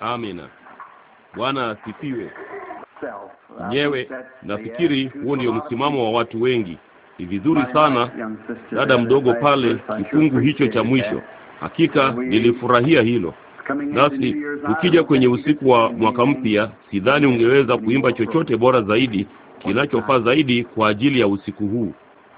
Amina. Bwana asifiwe. Nyewe nafikiri huo ndio msimamo wa watu wengi. Ni vizuri sana dada mdogo pale, kifungu hicho cha mwisho. Hakika nilifurahia hilo. Nasi ukija kwenye usiku wa mwaka mpya, sidhani ungeweza kuimba chochote bora zaidi, kinachofaa zaidi kwa ajili ya usiku huu.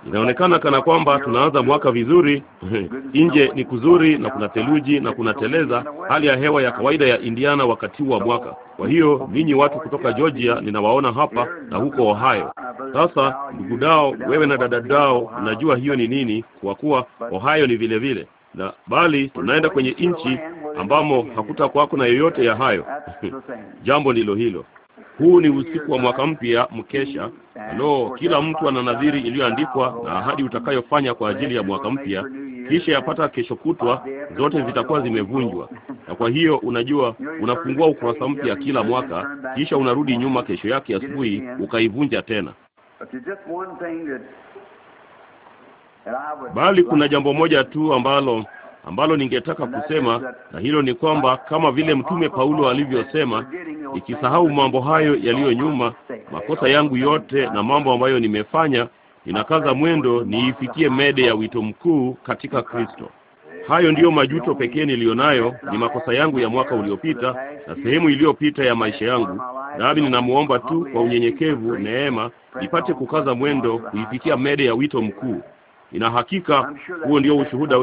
Inaonekana kana kwamba tunaanza mwaka vizuri nje ni kuzuri na kuna theluji na kuna teleza, hali ya hewa ya kawaida ya Indiana wakati wa mwaka. Kwa hiyo ninyi watu kutoka Georgia ninawaona hapa na huko Ohio. Sasa ndugu Dao, wewe na dada Dao, unajua hiyo ni nini, kwa kuwa Ohio ni vile vile na bali tunaenda kwenye nchi ambamo kwako na yoyote ya hayo. Jambo ndilo hilo. Huu ni usiku wa mwaka mpya, mkesha. Lo, kila mtu ana nadhiri iliyoandikwa na ahadi utakayofanya kwa ajili ya mwaka mpya, kisha yapata kesho kutwa zote zitakuwa zimevunjwa. Na kwa hiyo, unajua, unafungua ukurasa mpya kila mwaka, kisha unarudi nyuma kesho yake asubuhi ukaivunja tena. Bali kuna jambo moja tu ambalo ambalo ningetaka kusema, na hilo ni kwamba kama vile mtume Paulo alivyosema, ikisahau mambo hayo yaliyo nyuma, makosa yangu yote na mambo ambayo nimefanya, ninakaza mwendo niifikie mede ya wito mkuu katika Kristo. Hayo ndiyo majuto pekee niliyonayo, ni makosa yangu ya mwaka uliopita na sehemu iliyopita ya maisha yangu, nami ninamwomba tu kwa unyenyekevu neema nipate kukaza mwendo kuifikia mede ya wito mkuu. Ina hakika huo ndio ushuhuda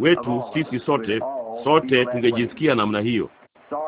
wetu sisi sote, sote tungejisikia namna hiyo.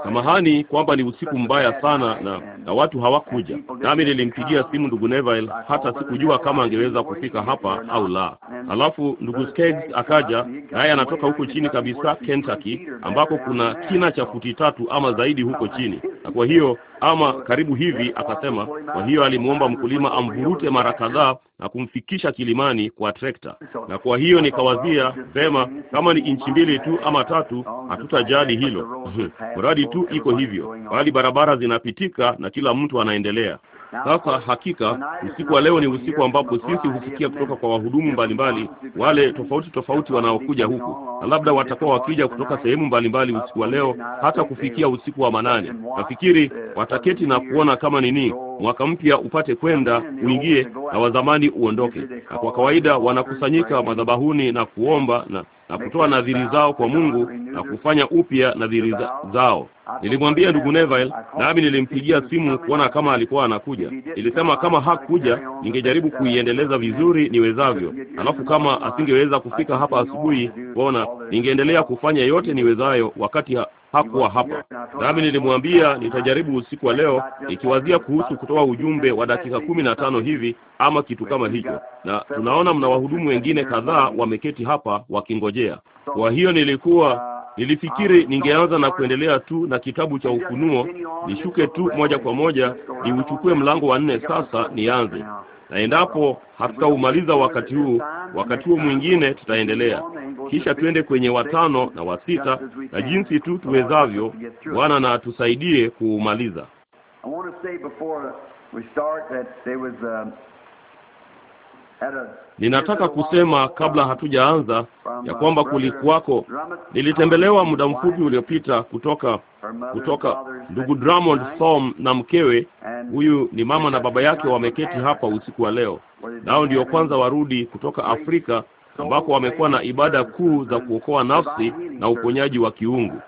Samahani kwamba ni usiku mbaya sana na, na watu hawakuja nami. Nilimpigia simu ndugu Neville, hata sikujua kama angeweza kufika hapa au la. Alafu ndugu Skeggs akaja, naye anatoka huko chini kabisa Kentucky, ambako kuna kina cha futi tatu ama zaidi huko chini, na kwa hiyo ama karibu hivi, akasema. Kwa hiyo alimwomba mkulima amvurute mara kadhaa na kumfikisha kilimani kwa trekta. Na kwa hiyo nikawazia sema, kama ni inchi mbili tu ama tatu, hatutajali hilo mradi tu iko hivyo, bali barabara zinapitika na kila mtu anaendelea. Sasa hakika usiku wa leo ni usiku ambapo sisi husikia kutoka kwa wahudumu mbalimbali wale tofauti tofauti wanaokuja huku, na labda watakuwa wakija kutoka sehemu mbalimbali uh, usiku wa leo hata kufikia usiku wa manane. Nafikiri uh, wataketi na kuona kama nini mwaka mpya upate kwenda uingie na wazamani uondoke, na kwa kawaida wanakusanyika madhabahuni na kuomba na na kutoa nadhiri zao kwa Mungu na kufanya upya nadhiri zao. Nilimwambia ndugu Neville, nami nilimpigia simu kuona kama alikuwa anakuja. Nilisema kama hakuja, ningejaribu kuiendeleza vizuri niwezavyo, alafu kama asingeweza kufika hapa asubuhi, kuona ningeendelea kufanya yote niwezayo wakati ha hakuwa hapa, nami nilimwambia nitajaribu usiku wa leo, nikiwazia kuhusu kutoa ujumbe wa dakika kumi na tano hivi ama kitu kama hicho, na tunaona mna wahudumu wengine kadhaa wameketi hapa wakingojea. Kwa hiyo nilikuwa nilifikiri ningeanza na kuendelea tu na kitabu cha Ufunuo, nishuke tu moja kwa moja niuchukue mlango wa nne. Sasa nianze na endapo hatutaumaliza wakati huu, wakati huo mwingine tutaendelea, kisha tuende kwenye watano na wasita, na jinsi tu tuwezavyo. Bwana na atusaidie kuumaliza. Ninataka kusema kabla hatujaanza ya kwamba kulikuwako, nilitembelewa muda mfupi uliopita kutoka kutoka ndugu Drummond Thom na mkewe. Huyu ni mama na baba yake, wameketi hapa usiku wa leo, nao ndio kwanza warudi kutoka Afrika ambako wamekuwa na ibada kuu za kuokoa nafsi na uponyaji wa kiungu.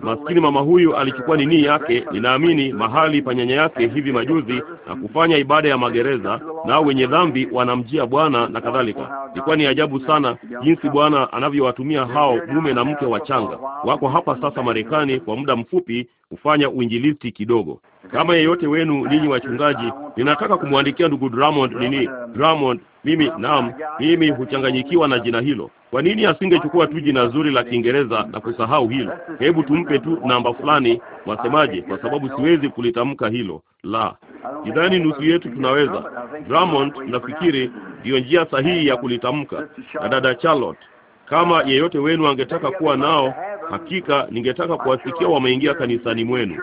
Maskini mama huyu alichukua nini yake, ninaamini mahali pa nyanya yake hivi majuzi, na kufanya ibada ya magereza, nao wenye dhambi wanamjia Bwana na kadhalika. Ilikuwa ni ajabu sana jinsi Bwana anavyowatumia hao mume na mke wachanga. Wako hapa sasa Marekani kwa muda mfupi kufanya uinjilisti kidogo. Kama yeyote wenu ninyi wachungaji, ninataka kumwandikia ndugu Drummond nini, Drummond, mimi naam, mimi huchanganyikiwa na jina hilo. Kwa nini asingechukua tu jina zuri la Kiingereza na kusahau hilo? Hebu tumpe tu namba fulani, wasemaje? Kwa sababu siwezi kulitamka hilo la. Sidhani nusu yetu tunaweza. Drummond, nafikiri ndiyo njia sahihi ya kulitamka, na dada Charlotte kama yeyote wenu angetaka kuwa nao, hakika ningetaka kuwasikia wameingia kanisani mwenu.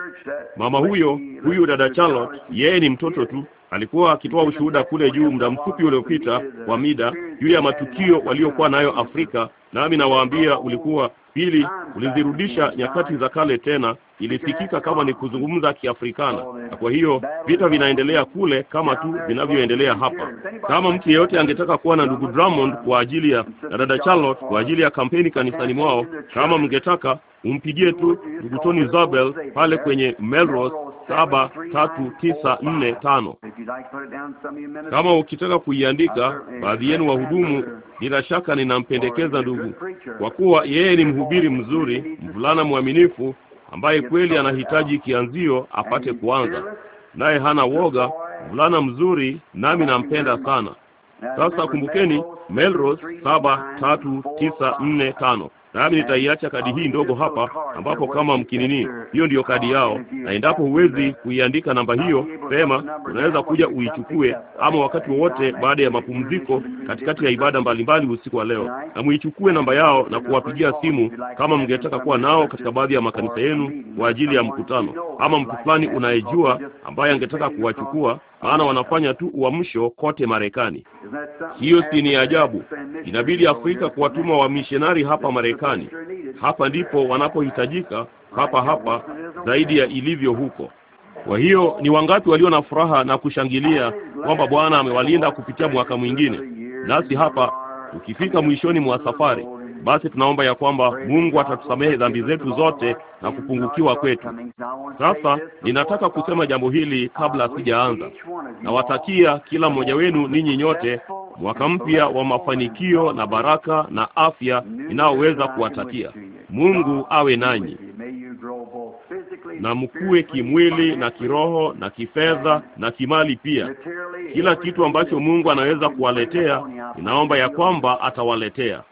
Mama huyo, huyu dada Charlotte, yeye ni mtoto tu, alikuwa akitoa ushuhuda kule juu muda mfupi uliopita wa mida juu ya matukio waliokuwa nayo Afrika, nami na nawaambia, ulikuwa pili, ulizirudisha nyakati za kale tena, ilisikika kama ni kuzungumza Kiafrikana. Na kwa hiyo vita vinaendelea kule kama tu vinavyoendelea hapa. Kama mtu yeyote angetaka kuwa na ndugu Drummond kwa ajili ya na dada Charlotte kwa ajili ya kampeni kanisani mwao, kama mngetaka umpigie tu ndugu Tony Zabel pale kwenye Melrose saba tatu tisa nne tano. Kama ukitaka kuiandika, baadhi yenu wahudumu, bila shaka ninampendekeza ndugu, kwa kuwa yeye ni mhubiri mzuri, mvulana mwaminifu ambaye kweli anahitaji kianzio apate kuanza, naye hana woga, mvulana mzuri, nami nampenda sana. Sasa kumbukeni, Melrose saba tatu tisa nne tano nami nitaiacha kadi hii ndogo hapa, ambapo kama mkinini, hiyo ndiyo kadi yao, na endapo huwezi kuiandika namba hiyo pema, unaweza kuja uichukue, ama wakati wowote baada ya mapumziko, katikati ya ibada mbalimbali usiku wa leo, na muichukue namba yao na kuwapigia simu kama mngetaka kuwa nao katika baadhi ya makanisa yenu kwa ajili ya mkutano, ama mtu fulani unayejua ambaye angetaka kuwachukua maana wanafanya tu uamsho kote Marekani. Hiyo si ni ajabu? Inabidi Afrika kuwatuma wamishonari hapa Marekani. Hapa ndipo wanapohitajika, hapa hapa zaidi ya ilivyo huko. Kwa hiyo ni wangapi walio na furaha na kushangilia kwamba Bwana amewalinda kupitia mwaka mwingine, nasi hapa ukifika mwishoni mwa safari basi tunaomba ya kwamba Mungu atatusamehe dhambi zetu zote na kupungukiwa kwetu. Sasa ninataka kusema jambo hili kabla sijaanza, nawatakia kila mmoja wenu ninyi nyote mwaka mpya wa mafanikio na baraka na afya inayoweza kuwatakia. Mungu awe nanyi na mkue kimwili na kiroho na kifedha na kimali pia. Kila kitu ambacho Mungu anaweza kuwaletea, ninaomba ya kwamba atawaletea.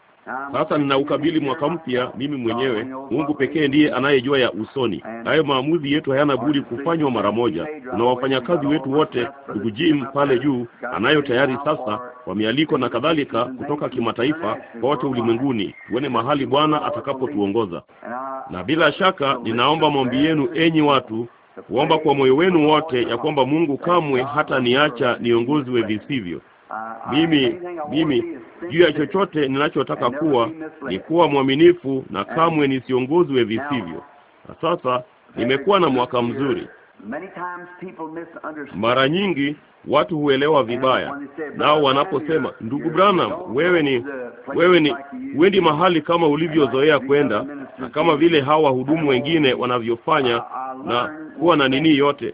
Sasa ninaukabili mwaka mpya mimi mwenyewe. Mungu pekee ndiye anayejua ya usoni. Hayo maamuzi yetu hayana budi kufanywa mara moja. Kuna wafanyakazi wetu wote, ndugu Jim pale juu anayo tayari sasa, mialiko na kadhalika, kutoka kimataifa, kote ulimwenguni. Tuone mahali Bwana atakapotuongoza, na bila shaka ninaomba maombi yenu, enyi watu kuomba kwa moyo wenu wote ya kwamba Mungu kamwe hata niacha niongozwe visivyo mimi mimi juu ya chochote ninachotaka kuwa ni kuwa mwaminifu na kamwe nisiongozwe visivyo. Na sasa nimekuwa na mwaka mzuri. Mara nyingi watu huelewa vibaya, nao wanaposema ndugu Branham, wewe ni wewe ni huendi mahali kama ulivyozoea kwenda na kama vile hawa wahudumu wengine wanavyofanya na kuwa na nini yote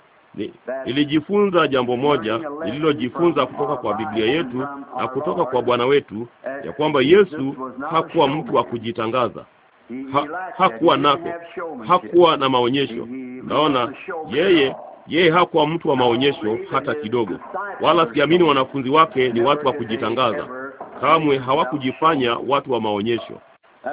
Nilijifunza jambo moja nililojifunza kutoka kwa Biblia yetu na kutoka kwa Bwana wetu ya kwamba Yesu hakuwa mtu wa kujitangaza. Ha, hakuwa nako, hakuwa na maonyesho. Naona yeye yeye hakuwa mtu wa maonyesho hata kidogo, wala siamini wanafunzi wake ni watu wa kujitangaza. Kamwe hawakujifanya watu wa maonyesho.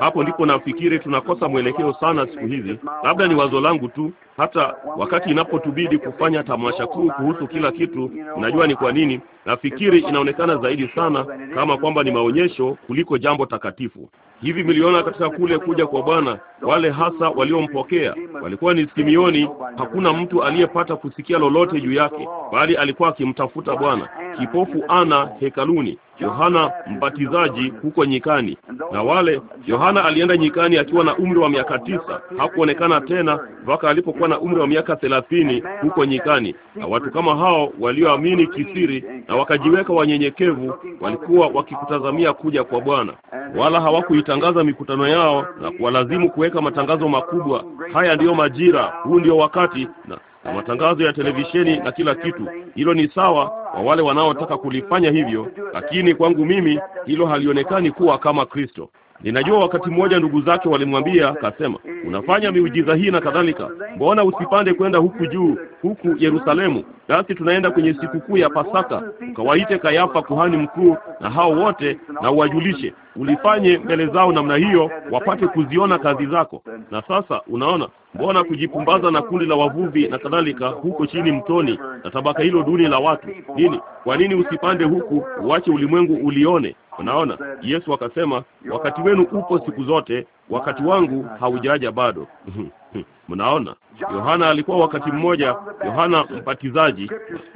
Hapo ndipo nafikiri tunakosa mwelekeo sana siku hizi. Labda ni wazo langu tu, hata wakati inapotubidi kufanya tamasha kuu kuhusu kila kitu. Najua ni kwa nini. Nafikiri inaonekana zaidi sana kama kwamba ni maonyesho kuliko jambo takatifu. Hivi mliona katika kule kuja kwa Bwana, wale hasa waliompokea walikuwa ni Simioni. Hakuna mtu aliyepata kusikia lolote juu yake, bali alikuwa akimtafuta Bwana. Kipofu ana hekaluni, Yohana Mbatizaji huko nyikani, na wale Yohana alienda nyikani akiwa na umri wa miaka tisa, hakuonekana tena mpaka alipokuwa alikuwa na umri wa miaka thelathini huko nyikani, na watu kama hao walioamini kisiri na wakajiweka wanyenyekevu walikuwa wakikutazamia kuja kwa Bwana, wala hawakuitangaza mikutano yao na kuwalazimu kuweka matangazo makubwa. Haya ndiyo majira, huu ndio wakati na na matangazo ya televisheni na kila kitu. Hilo ni sawa kwa wale wanaotaka kulifanya hivyo, lakini kwangu mimi hilo halionekani kuwa kama Kristo. Ninajua wakati mmoja ndugu zake walimwambia, kasema, unafanya miujiza hii na kadhalika, mbona usipande kwenda huku juu huku Yerusalemu, nasi tunaenda kwenye sikukuu ya Pasaka. Ukawaite Kayafa kuhani mkuu na hao wote, na uwajulishe, ulifanye mbele zao namna hiyo, wapate kuziona kazi zako. Na sasa unaona, mbona kujipumbaza na kundi la wavuvi na kadhalika huko chini mtoni na tabaka hilo duni la watu nini? Kwa nini usipande huku uache ulimwengu ulione? Unaona, Yesu akasema, wakati wenu upo siku zote, wakati wangu haujaja bado. Mnaona, Yohana alikuwa wakati mmoja Yohana Mbatizaji,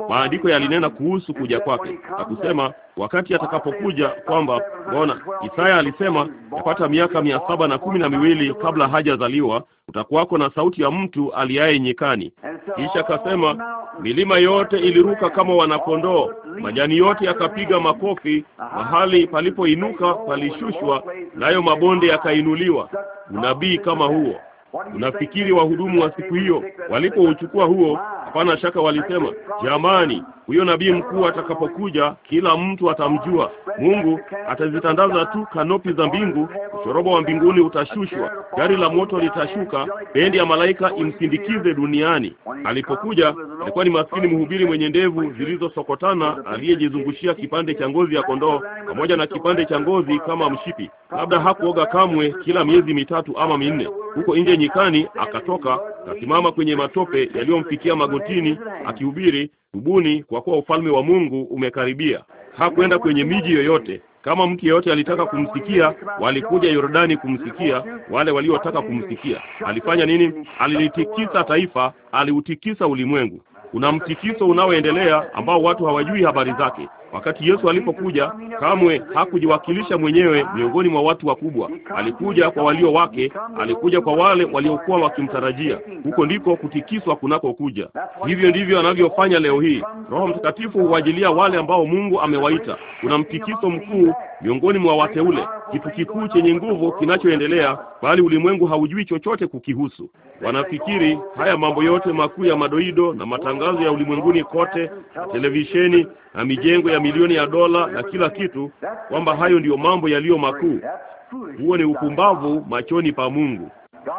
maandiko yalinena kuhusu kuja kwake na kusema wakati atakapokuja kwamba, mbona Isaya alisema yapata miaka mia saba na kumi na miwili kabla hajazaliwa utakuwako na sauti ya mtu aliaye nyikani. Kisha akasema milima yote iliruka kama wanakondoo, majani yote yakapiga makofi, mahali palipoinuka palishushwa, nayo mabonde yakainuliwa. Unabii kama huo Unafikiri wahudumu wa siku hiyo walipouchukua huo, hapana shaka walisema, jamani, huyo nabii mkuu atakapokuja, kila mtu atamjua. Mungu atazitandaza tu kanopi za mbingu, ushoroba wa mbinguni utashushwa, gari la moto litashuka, bendi ya malaika imsindikize duniani. Alipokuja alikuwa ni maskini mhubiri mwenye ndevu zilizosokotana aliyejizungushia kipande cha ngozi ya kondoo pamoja na kipande cha ngozi kama mshipi. Labda hakuoga kamwe, kila miezi mitatu ama minne, huko nje nyikani, akatoka akasimama kwenye matope yaliyomfikia magotini, akihubiri tubuni, kwa kuwa ufalme wa Mungu umekaribia. Hakwenda kwenye miji yoyote. Kama mtu yeyote alitaka kumsikia, walikuja Yordani kumsikia, wale waliotaka kumsikia. Alifanya nini? Alilitikisa taifa, aliutikisa ulimwengu. Kuna mtikiso unaoendelea ambao watu hawajui habari zake. Wakati Yesu alipokuja, kamwe hakujiwakilisha mwenyewe miongoni mwa watu wakubwa. Alikuja kwa walio wake, alikuja kwa wale waliokuwa wakimtarajia. Huko ndiko kutikiswa kunakokuja. Hivyo ndivyo anavyofanya leo hii. Roho Mtakatifu huajilia wale ambao Mungu amewaita. Kuna mtikiso mkuu miongoni mwa wateule kitu kikuu chenye nguvu kinachoendelea, bali ulimwengu haujui chochote kukihusu. Wanafikiri haya mambo yote makuu ya madoido na matangazo ya ulimwenguni kote na televisheni na mijengo ya milioni ya dola na kila kitu, kwamba hayo ndiyo mambo yaliyo makuu. Huo ni upumbavu machoni pa Mungu.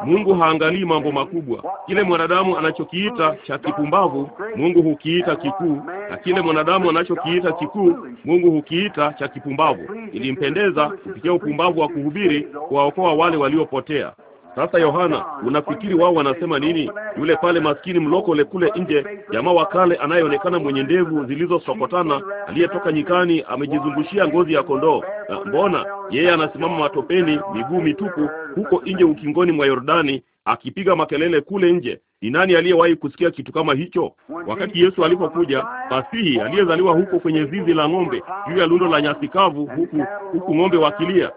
Mungu haangalii mambo makubwa. Kile mwanadamu anachokiita cha kipumbavu, Mungu hukiita kikuu, na kile mwanadamu anachokiita kikuu, Mungu hukiita cha kipumbavu. Ilimpendeza kupitia upumbavu wa kuhubiri kuwaokoa wale waliopotea. Sasa Yohana, unafikiri wao wanasema nini? Yule pale maskini mlokole kule nje, jamaa wa kale anayeonekana mwenye ndevu zilizosokotana, aliyetoka nyikani, amejizungushia ngozi ya kondoo. Ah, mbona yeye anasimama matopeni, miguu mitupu, huko nje ukingoni mwa Yordani, akipiga makelele kule nje ni nani aliyewahi kusikia kitu kama hicho? Wakati Yesu alipokuja, fasihi aliyezaliwa huko kwenye zizi la ng'ombe juu ya lundo la nyasi kavu, huku huku ng'ombe wakilia,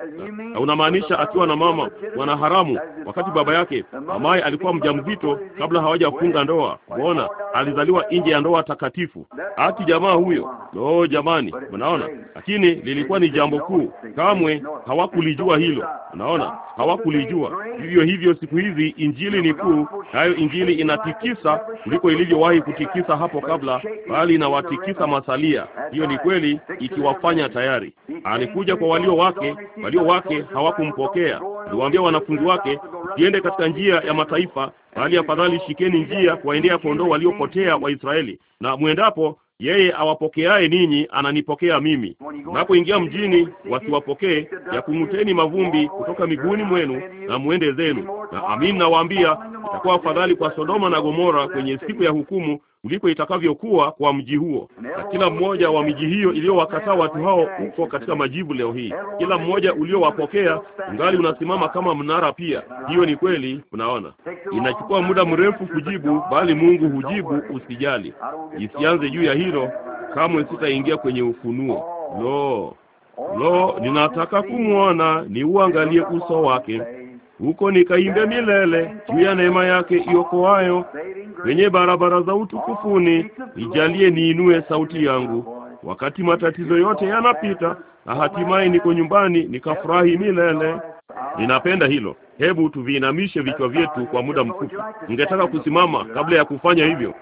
na unamaanisha akiwa na mama mwanaharamu, wakati baba yake mamaye alikuwa mjamzito kabla hawajafunga ndoa. Mbona alizaliwa nje ya ndoa takatifu? Ati jamaa huyo! No jamani, unaona. Lakini lilikuwa ni jambo kuu, kamwe hawakulijua hilo. Unaona, hawakulijua. Vivyo hivyo siku hizi Injili ni kuu, nayo Injili bali inatikisa kuliko ilivyowahi kutikisa hapo kabla, bali inawatikisa masalia. Hiyo ni kweli, ikiwafanya tayari. Alikuja kwa walio wake, walio wake hawakumpokea. Aliwaambia wanafunzi wake, usiende katika njia ya mataifa, bali afadhali shikeni njia kuwaendea kondoo waliopotea wa Israeli, na mwendapo yeye awapokeaye ninyi ananipokea mimi. Napoingia mjini, wasiwapokee ya mavumbi kutoka miguuni mwenu na mwende zenu. Na amin, nawaambia itakuwa afadhali kwa Sodoma na Gomora kwenye siku ya hukumu kuliko itakavyokuwa kwa mji huo. Na kila mmoja wa miji hiyo iliyowakataa watu hao uko katika majivu leo hii. Kila mmoja uliowapokea ungali unasimama kama mnara. Pia hiyo ni kweli. Unaona, inachukua muda mrefu kujibu, bali Mungu hujibu. Usijali, isianze juu ya hilo kamwe. Sitaingia kwenye ufunuo. Lo, lo, ninataka kumwona, niuangalie uso wake huko nikaimbe milele juu ya neema yake iokoayo kwenye barabara za utukufuni. ijalie niinue sauti yangu wakati matatizo yote yanapita, na hatimaye niko nyumbani nikafurahi milele. Ninapenda hilo. Hebu tuviinamishe vichwa vyetu kwa muda mfupi. Ningetaka kusimama kabla ya kufanya hivyo.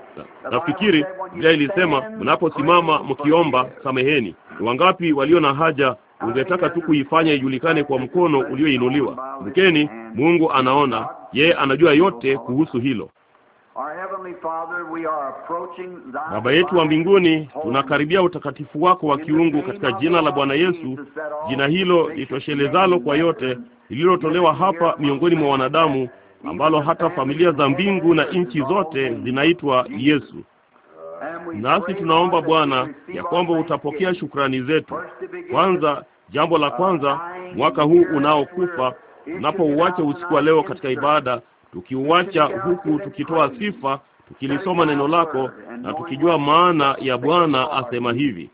Nafikiri Biblia ilisema mnaposimama mkiomba, sameheni. Ni wangapi walio na haja ungetaka tu kuifanya ijulikane kwa mkono ulioinuliwa. mkeni Mungu anaona, yeye anajua yote kuhusu hilo. Baba yetu wa mbinguni, tunakaribia utakatifu wako wa kiungu katika jina la Bwana Yesu, jina hilo litoshelezalo kwa yote, lililotolewa hapa miongoni mwa wanadamu, ambalo hata familia za mbingu na nchi zote zinaitwa Yesu. Nasi tunaomba Bwana ya kwamba utapokea shukrani zetu kwanza, Jambo la kwanza, mwaka huu unaokufa, unapouacha usiku wa leo katika ibada, tukiuacha huku tukitoa sifa, tukilisoma neno lako na tukijua maana ya Bwana asema hivi.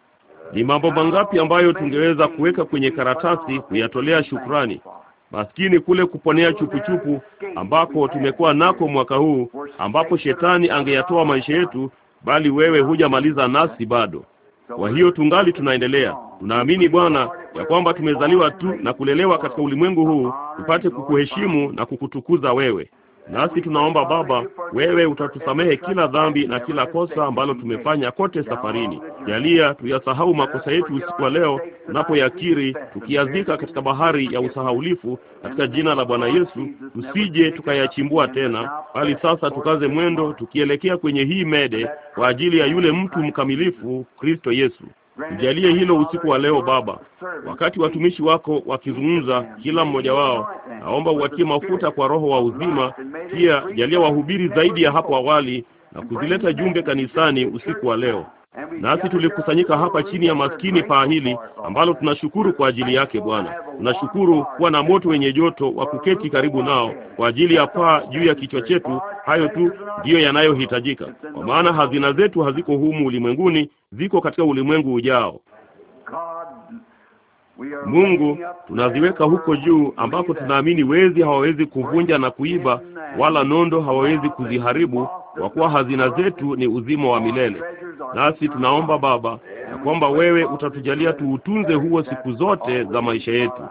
Ni mambo mangapi ambayo tungeweza kuweka kwenye karatasi kuyatolea shukrani? Maskini kule kuponea chupuchupu ambako tumekuwa nako mwaka huu, ambapo shetani angeyatoa maisha yetu, bali wewe hujamaliza nasi bado. Kwa hiyo tungali tunaendelea. Tunaamini Bwana ya kwamba tumezaliwa tu na kulelewa katika ulimwengu huu tupate kukuheshimu na kukutukuza wewe. Nasi tunaomba Baba, wewe utatusamehe kila dhambi na kila kosa ambalo tumefanya kote safarini. Jalia tuyasahau makosa yetu usiku wa leo, tunapoyakiri tukiazika katika bahari ya usahaulifu, katika jina la Bwana Yesu, tusije tukayachimbua tena, bali sasa tukaze mwendo tukielekea kwenye hii mede kwa ajili ya yule mtu mkamilifu, Kristo Yesu jalie hilo usiku wa leo Baba, wakati watumishi wako wakizungumza, kila mmoja wao, naomba uwatie mafuta kwa Roho wa uzima. Pia jalia wahubiri zaidi ya hapo awali na kuzileta jumbe kanisani usiku wa leo. Nasi tulikusanyika hapa chini ya maskini paa hili ambalo tunashukuru kwa ajili yake Bwana. Tunashukuru kuwa na moto wenye joto wa kuketi karibu nao kwa ajili ya paa juu ya kichwa chetu. Hayo tu ndiyo yanayohitajika, kwa maana hazina zetu haziko humu ulimwenguni, ziko katika ulimwengu ujao. Mungu, tunaziweka huko juu ambapo tunaamini wezi hawawezi kuvunja na kuiba, wala nondo hawawezi kuziharibu kwa kuwa hazina zetu ni uzima wa milele. Nasi tunaomba Baba ya kwamba wewe utatujalia tuutunze huo siku zote za maisha yetu,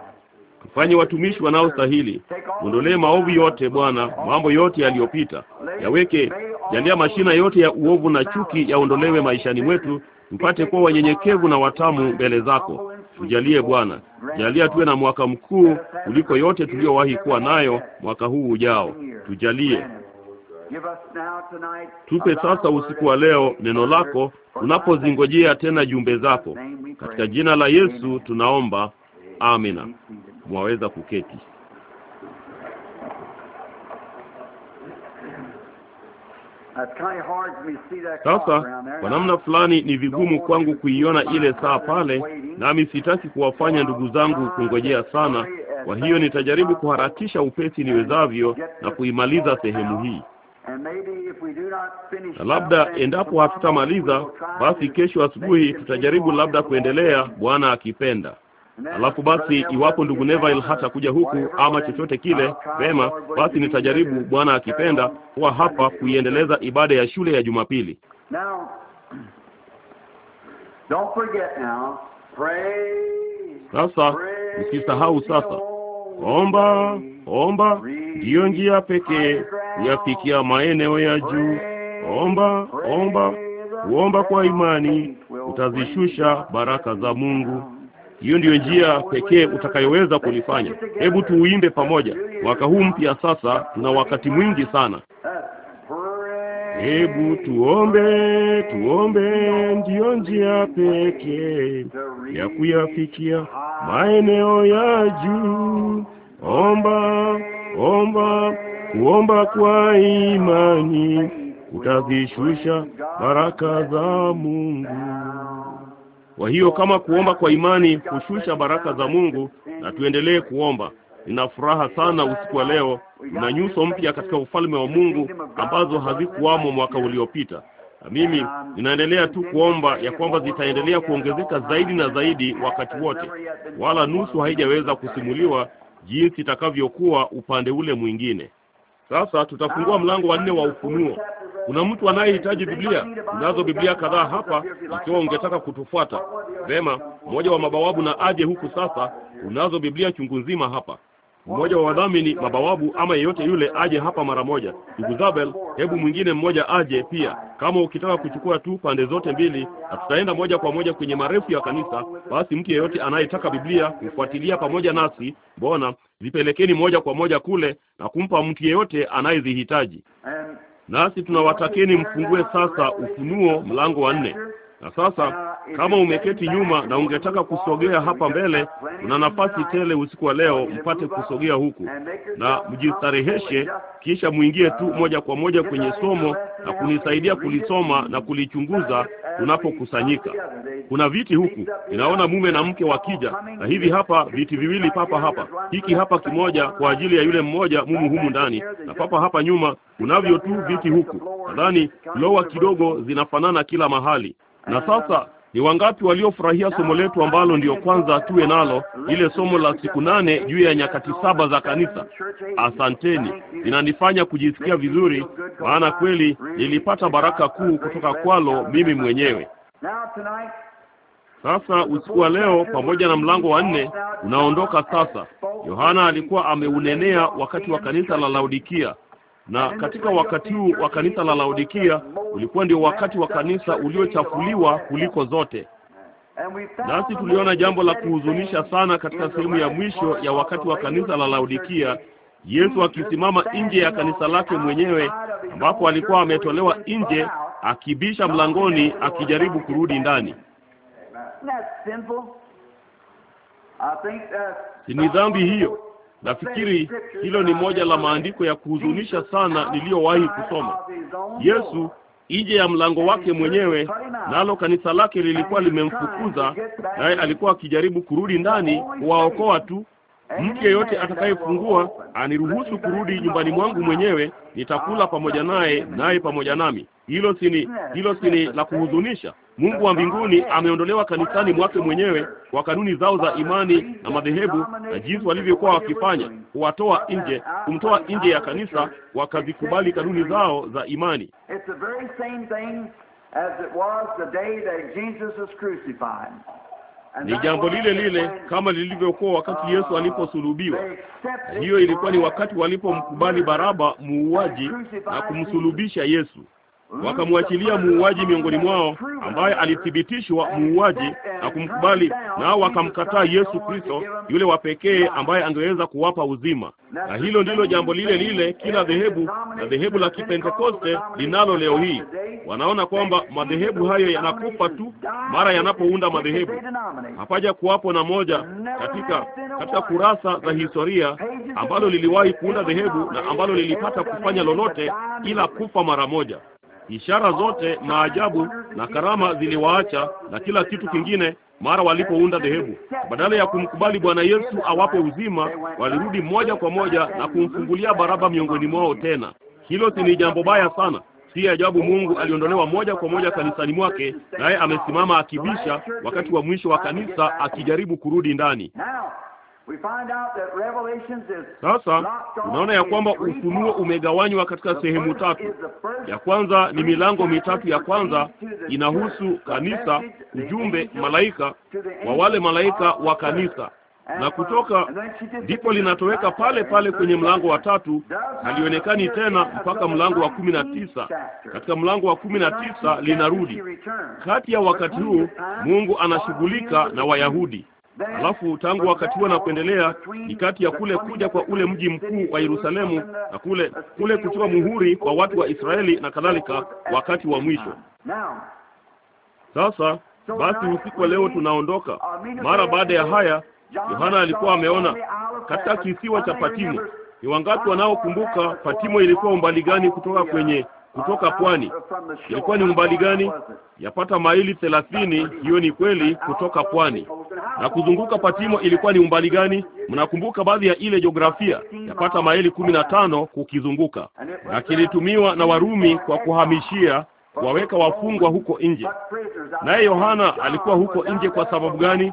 tufanye watumishi wanaostahili. tuondolee maovu yote Bwana, mambo yote yaliyopita yaweke, jalia mashina yote ya uovu na chuki yaondolewe maishani mwetu, tupate kuwa wanyenyekevu na watamu mbele zako. Tujalie Bwana, jalia tuwe na mwaka mkuu kuliko yote tuliyowahi kuwa nayo mwaka huu ujao. Tujalie Tupe sasa usiku wa leo neno lako, unapozingojea tena jumbe zako, katika jina la Yesu tunaomba, amina. Mwaweza kuketi. Sasa kwa namna fulani ni vigumu kwangu kuiona ile saa pale, nami sitaki kuwafanya ndugu zangu ah, kungojea sana. Kwa hiyo nitajaribu kuharakisha upesi niwezavyo na kuimaliza sehemu hii na labda endapo hatutamaliza basi, kesho asubuhi tutajaribu labda kuendelea, Bwana akipenda. Alafu basi, iwapo ndugu Neville kuja huku ama chochote kile, vema basi, nitajaribu Bwana akipenda kuwa hapa kuiendeleza ibada ya shule ya Jumapili. Sasa msisahau sasa Omba, omba, ndiyo njia pekee yafikia maeneo ya juu. Omba, omba, kuomba kwa imani utazishusha baraka za Mungu. Hiyo ndiyo njia pekee utakayoweza kulifanya. Hebu tuuimbe pamoja mwaka huu mpya. Sasa tuna wakati mwingi sana. Hebu tuombe, tuombe. Ndiyo njia pekee ya kuyafikia maeneo ya juu. Omba, omba. Kuomba kwa imani kutazishusha baraka za Mungu. Kwa hiyo kama kuomba kwa imani hushusha baraka za Mungu, na tuendelee kuomba nina furaha sana usiku wa leo na nyuso mpya katika ufalme wa Mungu ambazo hazikuwamo mwaka uliopita. Na mimi ninaendelea tu kuomba ya kwamba zitaendelea kuongezeka zaidi na zaidi wakati wote, wala nusu haijaweza kusimuliwa jinsi itakavyokuwa upande ule mwingine. Sasa tutafungua mlango wa nne wa Ufunuo. Kuna mtu anayehitaji Biblia? Unazo Biblia kadhaa hapa, ikiwa ungetaka kutufuata vema. Mmoja wa mabawabu na aje huku sasa. Unazo Biblia chungu nzima hapa mmoja wa wadhamini, mabawabu, ama yeyote yule aje hapa mara moja. Ndugu Zabel, hebu mwingine mmoja aje pia, kama ukitaka kuchukua tu pande zote mbili, na tutaenda moja kwa moja kwenye marefu ya kanisa. Basi mtu yeyote anayetaka Biblia kufuatilia pamoja nasi, mbona zipelekeni moja kwa moja kule na kumpa mtu yeyote anayezihitaji. Nasi tunawatakeni mfungue sasa Ufunuo mlango wa nne. Na sasa kama umeketi nyuma na ungetaka kusogea hapa mbele, una nafasi tele usiku wa leo mpate kusogea huku na mjistareheshe, kisha mwingie tu moja kwa moja kwenye somo na kunisaidia kulisoma na kulichunguza tunapokusanyika. Kuna viti huku, ninaona mume na mke wakija, na hivi hapa viti viwili papa hapa, hiki hapa kimoja kwa ajili ya yule mmoja mumu humu ndani, na papa hapa nyuma unavyo tu viti huku. Nadhani lowa kidogo zinafanana kila mahali. Na sasa ni wangapi waliofurahia somo letu ambalo ndiyo kwanza tuwe nalo, ile somo la siku nane juu ya nyakati saba za kanisa? Asanteni, inanifanya kujisikia vizuri, maana kweli nilipata baraka kuu kutoka kwalo mimi mwenyewe. Sasa usiku wa leo pamoja na mlango wa nne unaondoka sasa. Yohana alikuwa ameunenea wakati wa kanisa la Laodikia. Na katika wakati huu wa kanisa la Laodikia ulikuwa ndio wakati wa kanisa uliochafuliwa kuliko zote. Nasi tuliona jambo la kuhuzunisha sana katika sehemu ya mwisho ya wakati wa kanisa la Laodikia, Yesu akisimama nje ya kanisa lake mwenyewe ambapo alikuwa ametolewa nje, akibisha mlangoni, akijaribu kurudi ndani. Si ni dhambi hiyo? Nafikiri hilo ni moja la maandiko ya kuhuzunisha sana niliyowahi kusoma. Yesu nje ya mlango wake mwenyewe, nalo kanisa lake lilikuwa limemfukuza, naye alikuwa akijaribu kurudi ndani kuwaokoa tu. Mtu yeyote atakayefungua aniruhusu kurudi nyumbani mwangu mwenyewe, nitakula pamoja naye, naye pamoja nami. Hilo sini, hilo sini la kuhuzunisha. Mungu wa mbinguni ameondolewa kanisani mwake mwenyewe kwa kanuni zao za imani na madhehebu na jinsi walivyokuwa wakifanya, kuwatoa nje, kumtoa nje ya kanisa, wakazikubali kanuni zao za imani. Ni jambo lile lile kama lilivyokuwa wakati Yesu aliposulubiwa. Hiyo ilikuwa ni wakati walipomkubali Baraba muuaji na kumsulubisha Yesu wakamwachilia muuaji miongoni mwao ambaye alithibitishwa muuaji na kumkubali, nao wakamkataa Yesu Kristo yule wa pekee ambaye angeweza kuwapa uzima. Na hilo ndilo jambo lile lile kila dhehebu na dhehebu la Kipentekoste linalo leo hii. Wanaona kwamba madhehebu hayo yanakufa tu mara yanapounda madhehebu. Hapaja kuwapo na moja katika katika kurasa za historia ambalo liliwahi kuunda dhehebu na ambalo lilipata kufanya lolote ila kufa mara moja. Ishara zote, maajabu na karama ziliwaacha na kila kitu kingine mara walipounda dhehebu. Badala ya kumkubali Bwana Yesu awape uzima, walirudi moja kwa moja na kumfungulia Baraba miongoni mwao tena. Hilo si ni jambo baya sana? Si ajabu Mungu aliondolewa moja kwa moja kanisani mwake, naye amesimama akibisha wakati wa mwisho wa kanisa akijaribu kurudi ndani. Sasa unaona ya kwamba ufunuo umegawanywa katika sehemu tatu. Ya kwanza ni milango mitatu. Ya kwanza inahusu kanisa, ujumbe, malaika wa wale malaika wa kanisa na uh, kutoka ndipo linatoweka pale pale kwenye mlango wa tatu, halionekani tena mpaka mlango wa kumi na tisa. Katika mlango wa kumi na tisa linarudi. Kati ya wakati huu Mungu anashughulika na Wayahudi. Alafu tangu wakati huo na kuendelea ni kati ya kule kuja kwa ule mji mkuu wa Yerusalemu na kule kule kutiwa muhuri kwa watu wa Israeli na kadhalika, wakati wa mwisho. Sasa basi, usiku wa leo tunaondoka. Mara baada ya haya, Yohana alikuwa ameona katika kisiwa cha Patimo. Ni wangapi wanaokumbuka Patimo ilikuwa umbali gani kutoka kwenye kutoka pwani. Ilikuwa ni umbali gani? Yapata maili thelathini. Hiyo ni kweli, kutoka pwani na kuzunguka Patimo ilikuwa ni umbali gani? Mnakumbuka baadhi ya ile jiografia, yapata maili kumi na tano kukizunguka, na kilitumiwa na Warumi kwa kuhamishia waweka wafungwa huko nje. Naye Yohana alikuwa huko nje kwa sababu gani?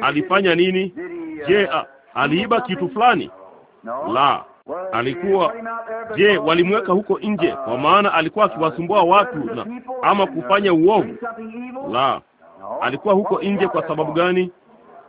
Alifanya nini? Je, aliiba kitu fulani? La, alikuwa je, walimweka huko nje kwa maana alikuwa akiwasumbua watu na ama kufanya uovu? La, alikuwa huko nje kwa sababu gani?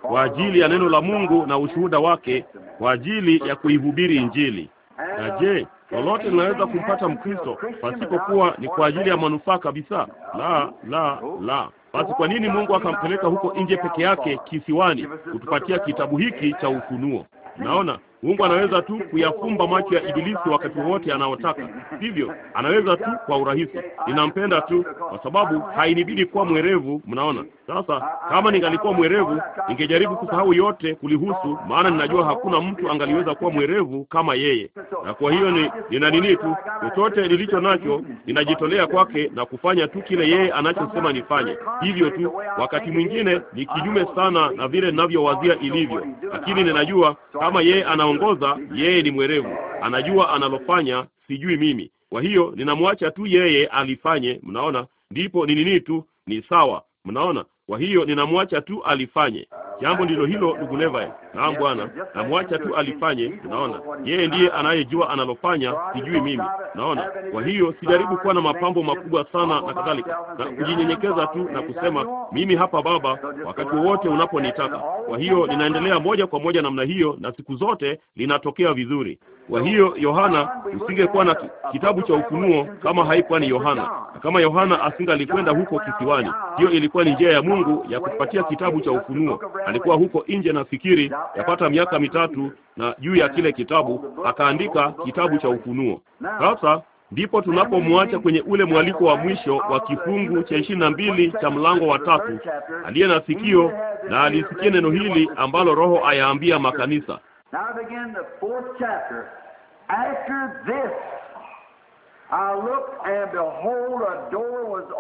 Kwa ajili ya neno la Mungu na ushuhuda wake, kwa ajili ya kuihubiri Injili. Na je, lolote linaweza kumpata Mkristo pasipokuwa ni kwa ajili ya manufaa kabisa? La, la, la. Basi kwa nini Mungu akampeleka huko nje peke yake kisiwani kutupatia kitabu hiki cha Ufunuo? Naona Mungu anaweza tu kuyafumba macho ya Ibilisi wakati wote anaotaka, hivyo anaweza tu kwa urahisi. Ninampenda tu kwa sababu hainibidi kuwa mwerevu. Mnaona sasa, kama ningalikuwa mwerevu, ningejaribu kusahau yote kulihusu, maana ninajua hakuna mtu angaliweza kuwa mwerevu kama yeye, na kwa hiyo ni nina nini tu, chochote nilicho nacho ninajitolea kwake na kufanya tu kile yeye anachosema nifanye, hivyo tu. Wakati mwingine ni kinyume sana na vile ninavyowazia ilivyo, lakini ninajua kama yeye ana anaongoza, yeye ni mwerevu, anajua analofanya, sijui mimi. Kwa hiyo ninamwacha tu yeye alifanye. Mnaona, ndipo ni nini tu, ni sawa. Mnaona, kwa hiyo ninamwacha tu alifanye jambo ndilo hilo, ndugu Levi. Naam Bwana, namwacha tu alifanye. Unaona, yeye ndiye anayejua analofanya, sijui mimi. Naona, kwa hiyo sijaribu kuwa na mapambo makubwa sana na kadhalika, na kujinyenyekeza tu na kusema mimi hapa Baba, wakati wowote unaponitaka. Kwa hiyo ninaendelea moja kwa moja namna hiyo, na siku zote linatokea vizuri. Kwa hiyo Yohana, usingekuwa na kitabu cha Ufunuo kama haikuwa ni Yohana, na kama Yohana asingalikwenda huko kisiwani, hiyo ilikuwa ni njia ya Mungu ya kupatia kitabu cha Ufunuo. Alikuwa huko nje, nafikiri yapata miaka mitatu, na juu ya kile kitabu akaandika kitabu cha Ufunuo. Sasa ndipo tunapomwacha kwenye ule mwaliko wa mwisho wa kifungu cha ishirini na mbili cha mlango wa tatu, aliye na sikio na alisikia neno hili ambalo Roho ayaambia makanisa.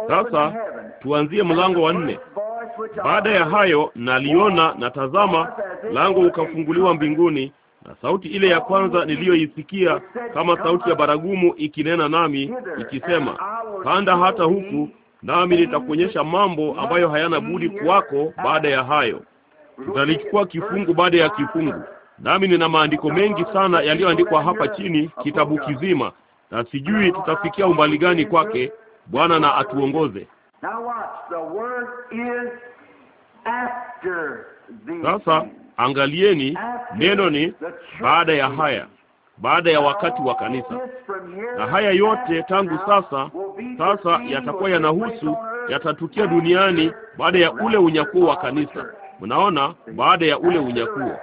Sasa tuanzie mlango wa nne. Baada ya hayo naliona, na tazama, lango ukafunguliwa mbinguni, na sauti ile ya kwanza niliyoisikia kama sauti ya baragumu ikinena nami ikisema, panda hata huku, nami nitakuonyesha mambo ambayo hayana budi kwako. Baada ya hayo tutalichukua kifungu baada ya kifungu, nami nina maandiko mengi sana yaliyoandikwa hapa chini, kitabu kizima, na sijui tutafikia umbali gani kwake. Bwana na atuongoze. Sasa angalieni, neno ni baada ya haya, baada ya wakati wa kanisa. Na haya yote tangu sasa, sasa yatakuwa yanahusu, yatatukia duniani baada ya ule unyakuo wa kanisa. Mnaona, baada ya ule unyakuo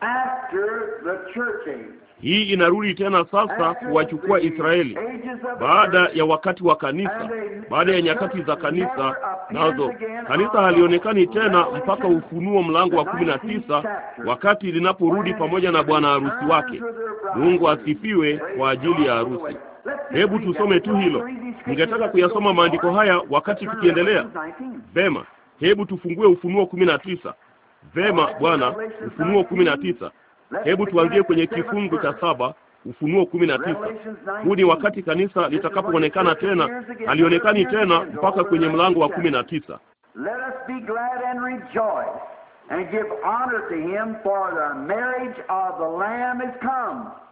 After the church age. Hii inarudi tena sasa kuwachukua Israeli baada ya wakati wa kanisa, baada ya nyakati za kanisa. Nazo kanisa halionekani tena mpaka Ufunuo mlango wa kumi na tisa, wakati linaporudi pamoja na bwana harusi wake. Mungu asifiwe kwa ajili ya harusi. Hebu tusome tu hilo. Ningetaka kuyasoma maandiko haya wakati tukiendelea. Vema, hebu tufungue Ufunuo kumi na tisa. Vema bwana, Ufunuo kumi na tisa. Hebu tuanzie kwenye kifungu cha saba Ufunuo kumi na tisa. Huu ni wakati kanisa litakapoonekana tena, alionekani tena mpaka kwenye mlango wa kumi na tisa.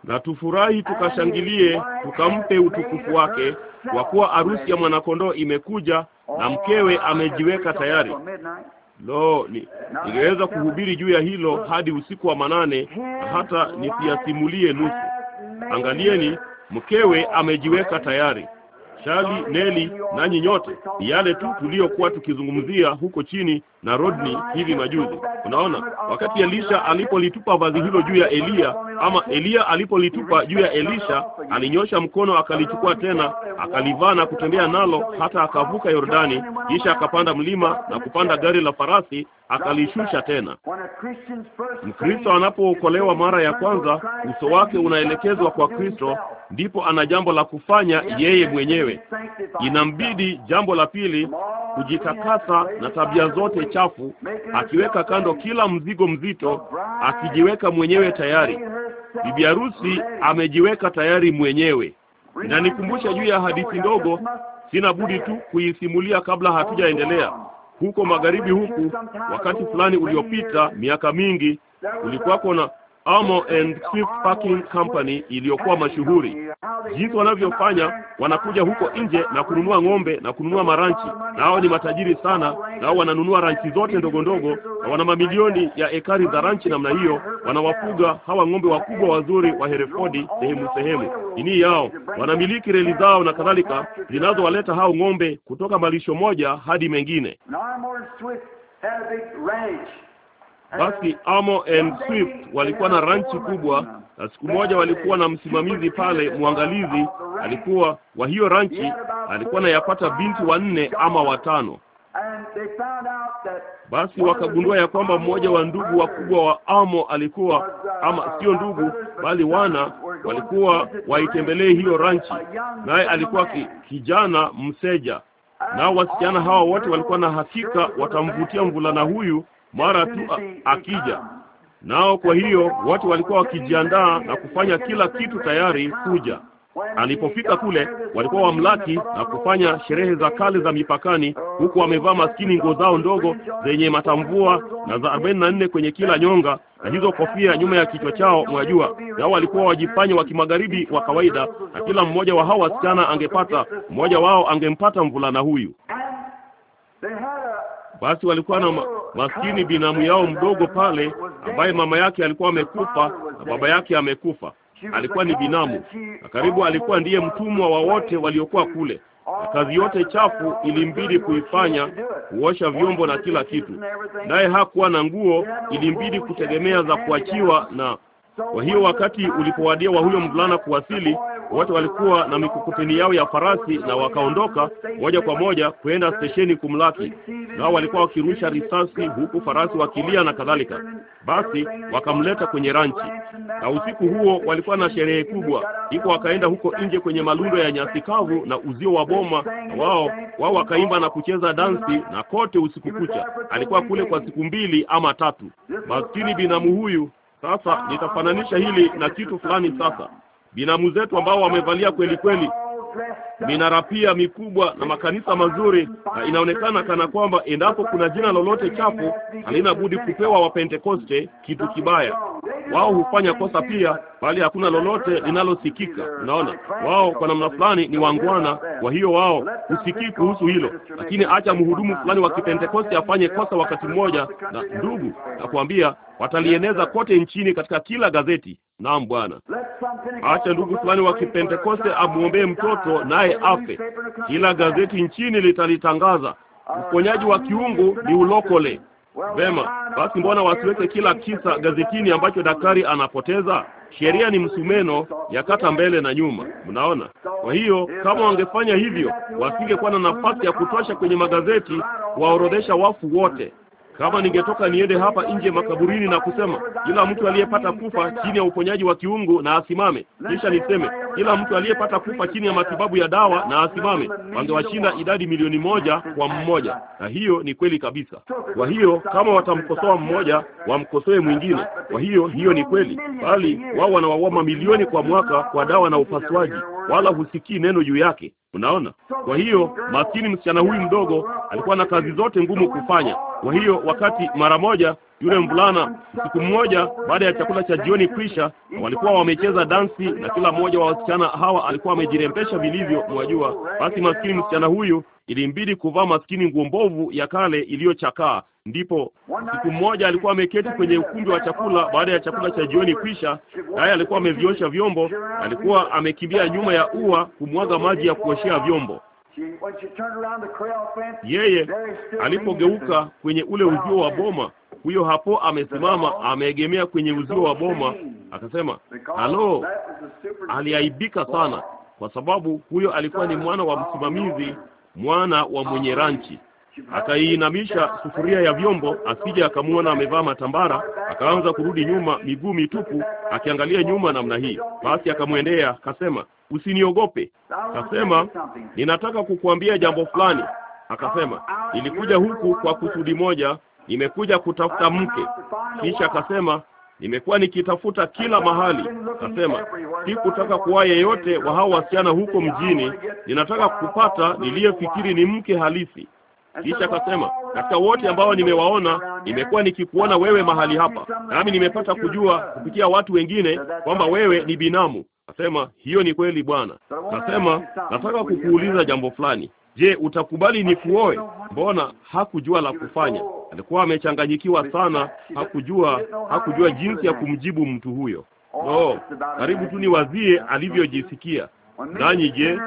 Na tufurahi tukashangilie, tukampe utukufu wake, kwa kuwa arusi ya mwanakondoo imekuja na mkewe amejiweka tayari. Lo, ni ningeweza kuhubiri juu ya hilo hadi usiku wa manane, hata nisiyasimulie nusu. Angalieni, mkewe amejiweka tayari. Shali, Neli nanyi nyote, ni yale tu tuliyokuwa tukizungumzia huko chini na Rodney hivi majuzi. Unaona, wakati Elisha alipolitupa vazi hilo juu ya Eliya ama Eliya alipolitupa juu ya Elisha, alinyosha mkono akalichukua tena akalivaa na kutembea nalo hata akavuka Yordani, kisha akapanda mlima na kupanda gari la farasi akalishusha tena. Mkristo anapookolewa mara ya kwanza, uso wake unaelekezwa kwa Kristo, ndipo ana jambo la kufanya yeye mwenyewe. Inambidi jambo la pili kujitakasa na tabia zote chafu, akiweka kando kila mzigo mzito, akijiweka mwenyewe tayari. Bibi harusi amejiweka tayari mwenyewe. Inanikumbusha juu ya hadithi ndogo, sina budi tu kuisimulia kabla hatujaendelea. Huko magharibi huku, wakati fulani uliopita, miaka mingi, kulikuwa na Amo and Swift Packing Company iliyokuwa mashuhuri, jinsi wanavyofanya, wanakuja huko nje na kununua ng'ombe na kununua maranchi, na hao ni matajiri sana, na hao wananunua ranchi zote ndogo ndogo, na wana mamilioni ya ekari za ranchi namna hiyo. Wanawafuga hawa ng'ombe wakubwa wazuri wa Herefordi sehemu sehemu, ini yao, wanamiliki reli zao na kadhalika, zinazowaleta hao ng'ombe kutoka malisho moja hadi mengine. Basi Amo and Swift walikuwa na ranchi kubwa, na siku moja walikuwa na msimamizi pale, mwangalizi alikuwa wa hiyo ranchi, alikuwa anayapata binti wanne ama watano. Basi wakagundua ya kwamba mmoja wa ndugu wakubwa wa Amo alikuwa ama sio ndugu bali wana walikuwa waitembelee hiyo ranchi, naye alikuwa ki, kijana mseja. Nao wasichana hawa wote walikuwa na hakika watamvutia mvulana huyu mara tu akija nao. Kwa hiyo watu walikuwa wakijiandaa na kufanya kila kitu tayari kuja. Alipofika kule, walikuwa wamlaki na kufanya sherehe za kale za mipakani, huku wamevaa maskini nguo zao ndogo zenye matamvua na za arobaini na nne kwenye kila nyonga na hizo kofia nyuma ya kichwa chao. Mwajua hao walikuwa wajifanya wa kimagharibi wa kawaida, na kila mmoja wa hao wasichana angepata mmoja wao angempata mvulana huyu basi walikuwa na oh, maskini binamu yao mdogo pale, ambaye mama yake alikuwa amekufa na baba yake amekufa. Alikuwa ni binamu, na karibu alikuwa ndiye mtumwa wa wote waliokuwa kule, na oh, kazi yote chafu ilimbidi kuifanya, kuosha oh, vyombo na kila kitu. Naye hakuwa na nguo, ilimbidi kutegemea za kuachiwa na kwa hiyo wakati ulipowadia wa huyo mvulana kuwasili, watu walikuwa na mikokoteni yao ya farasi na wakaondoka moja kwa moja kwenda stesheni kumlaki, nao walikuwa wakirusha risasi huku farasi wakilia na kadhalika. Basi wakamleta kwenye ranchi, na usiku huo walikuwa na sherehe kubwa, iko wakaenda huko nje kwenye malundo ya nyasi kavu na uzio wa boma, na wao wao wakaimba na kucheza dansi, na kote usiku kucha. Alikuwa kule kwa siku mbili ama tatu. Maskini binamu huyu sasa nitafananisha hili na kitu fulani. Sasa binamu zetu ambao wamevalia kweli kweli minara pia mikubwa na makanisa mazuri, na inaonekana kana kwamba endapo kuna jina lolote chafu halina budi kupewa Wapentekoste kitu kibaya. Wao hufanya kosa pia, bali hakuna lolote linalosikika. Unaona, wao kwa namna fulani ni wangwana, kwa hiyo wao husikii kuhusu hilo. Lakini acha mhudumu fulani wa Kipentekoste afanye kosa wakati mmoja, na ndugu, nakwambia watalieneza kote nchini katika kila gazeti. Naam Bwana, acha ndugu fulani wa Kipentekoste amwombee mtoto naye afe, kila gazeti nchini litalitangaza uponyaji wa kiungu ni ulokole. Vema basi, mbona wasiweke kila kisa gazetini ambacho daktari anapoteza? Sheria ni msumeno ya kata mbele na nyuma, mnaona. Kwa hiyo kama wangefanya hivyo, wasingekuwa na nafasi ya kutosha kwenye magazeti kuwaorodhesha wafu wote. Kama ningetoka niende hapa nje makaburini na kusema kila mtu aliyepata kufa chini ya uponyaji wa kiungu na asimame, kisha niseme kila mtu aliyepata kufa chini ya matibabu ya dawa na asimame, wangewashinda idadi milioni moja kwa mmoja, na hiyo ni kweli kabisa. Kwa hiyo kama watamkosoa mmoja, wamkosoe mwingine. Kwa hiyo hiyo ni kweli, bali wao wanawaua mamilioni kwa mwaka kwa dawa na upasuaji, wala husikii neno juu yake. Unaona, kwa hiyo maskini msichana huyu mdogo alikuwa na kazi zote ngumu kufanya. Kwa hiyo wakati mara moja yule mvulana, siku mmoja baada ya chakula cha jioni kwisha, walikuwa wamecheza dansi, na kila mmoja wa wasichana hawa alikuwa amejirembesha vilivyo, mwajua. Basi maskini msichana huyu ilimbidi kuvaa maskini nguo mbovu ya kale iliyochakaa. Ndipo siku mmoja alikuwa ameketi kwenye ukumbi wa chakula baada ya chakula cha jioni kwisha, naye alikuwa ameviosha vyombo. Alikuwa amekimbia nyuma ya ua kumwaga maji ya kuoshea vyombo. Yeye alipogeuka kwenye ule uzio wa boma, huyo hapo amesimama ameegemea kwenye uzio wa boma, akasema halo. Aliaibika sana, kwa sababu huyo alikuwa ni mwana wa msimamizi mwana wa mwenye ranchi, akaiinamisha sufuria ya vyombo, asije akamwona amevaa matambara, akaanza kurudi nyuma miguu mitupu, akiangalia nyuma namna hii. Basi akamwendea akasema, usiniogope. Akasema, ninataka kukuambia jambo fulani. Akasema, nilikuja huku kwa kusudi moja, nimekuja kutafuta mke. Kisha akasema, Nimekuwa nikitafuta kila mahali, nasema sikutaka kuwa yeyote wa hao wasichana huko mjini, ninataka kupata niliyefikiri ni mke halisi. Kisha akasema, katika wote ambao nimewaona, nimekuwa nikikuona wewe mahali hapa, nami nimepata kujua kupitia watu wengine kwamba wewe ni binamu. Nasema hiyo ni kweli, Bwana. Nasema nataka kukuuliza jambo fulani. Je, utakubali ni kuoe? Mbona hakujua la kufanya, alikuwa amechanganyikiwa sana, hakujua hakujua jinsi ya kumjibu mtu huyo. No, karibu tu niwazie alivyojisikia. Nanyi je,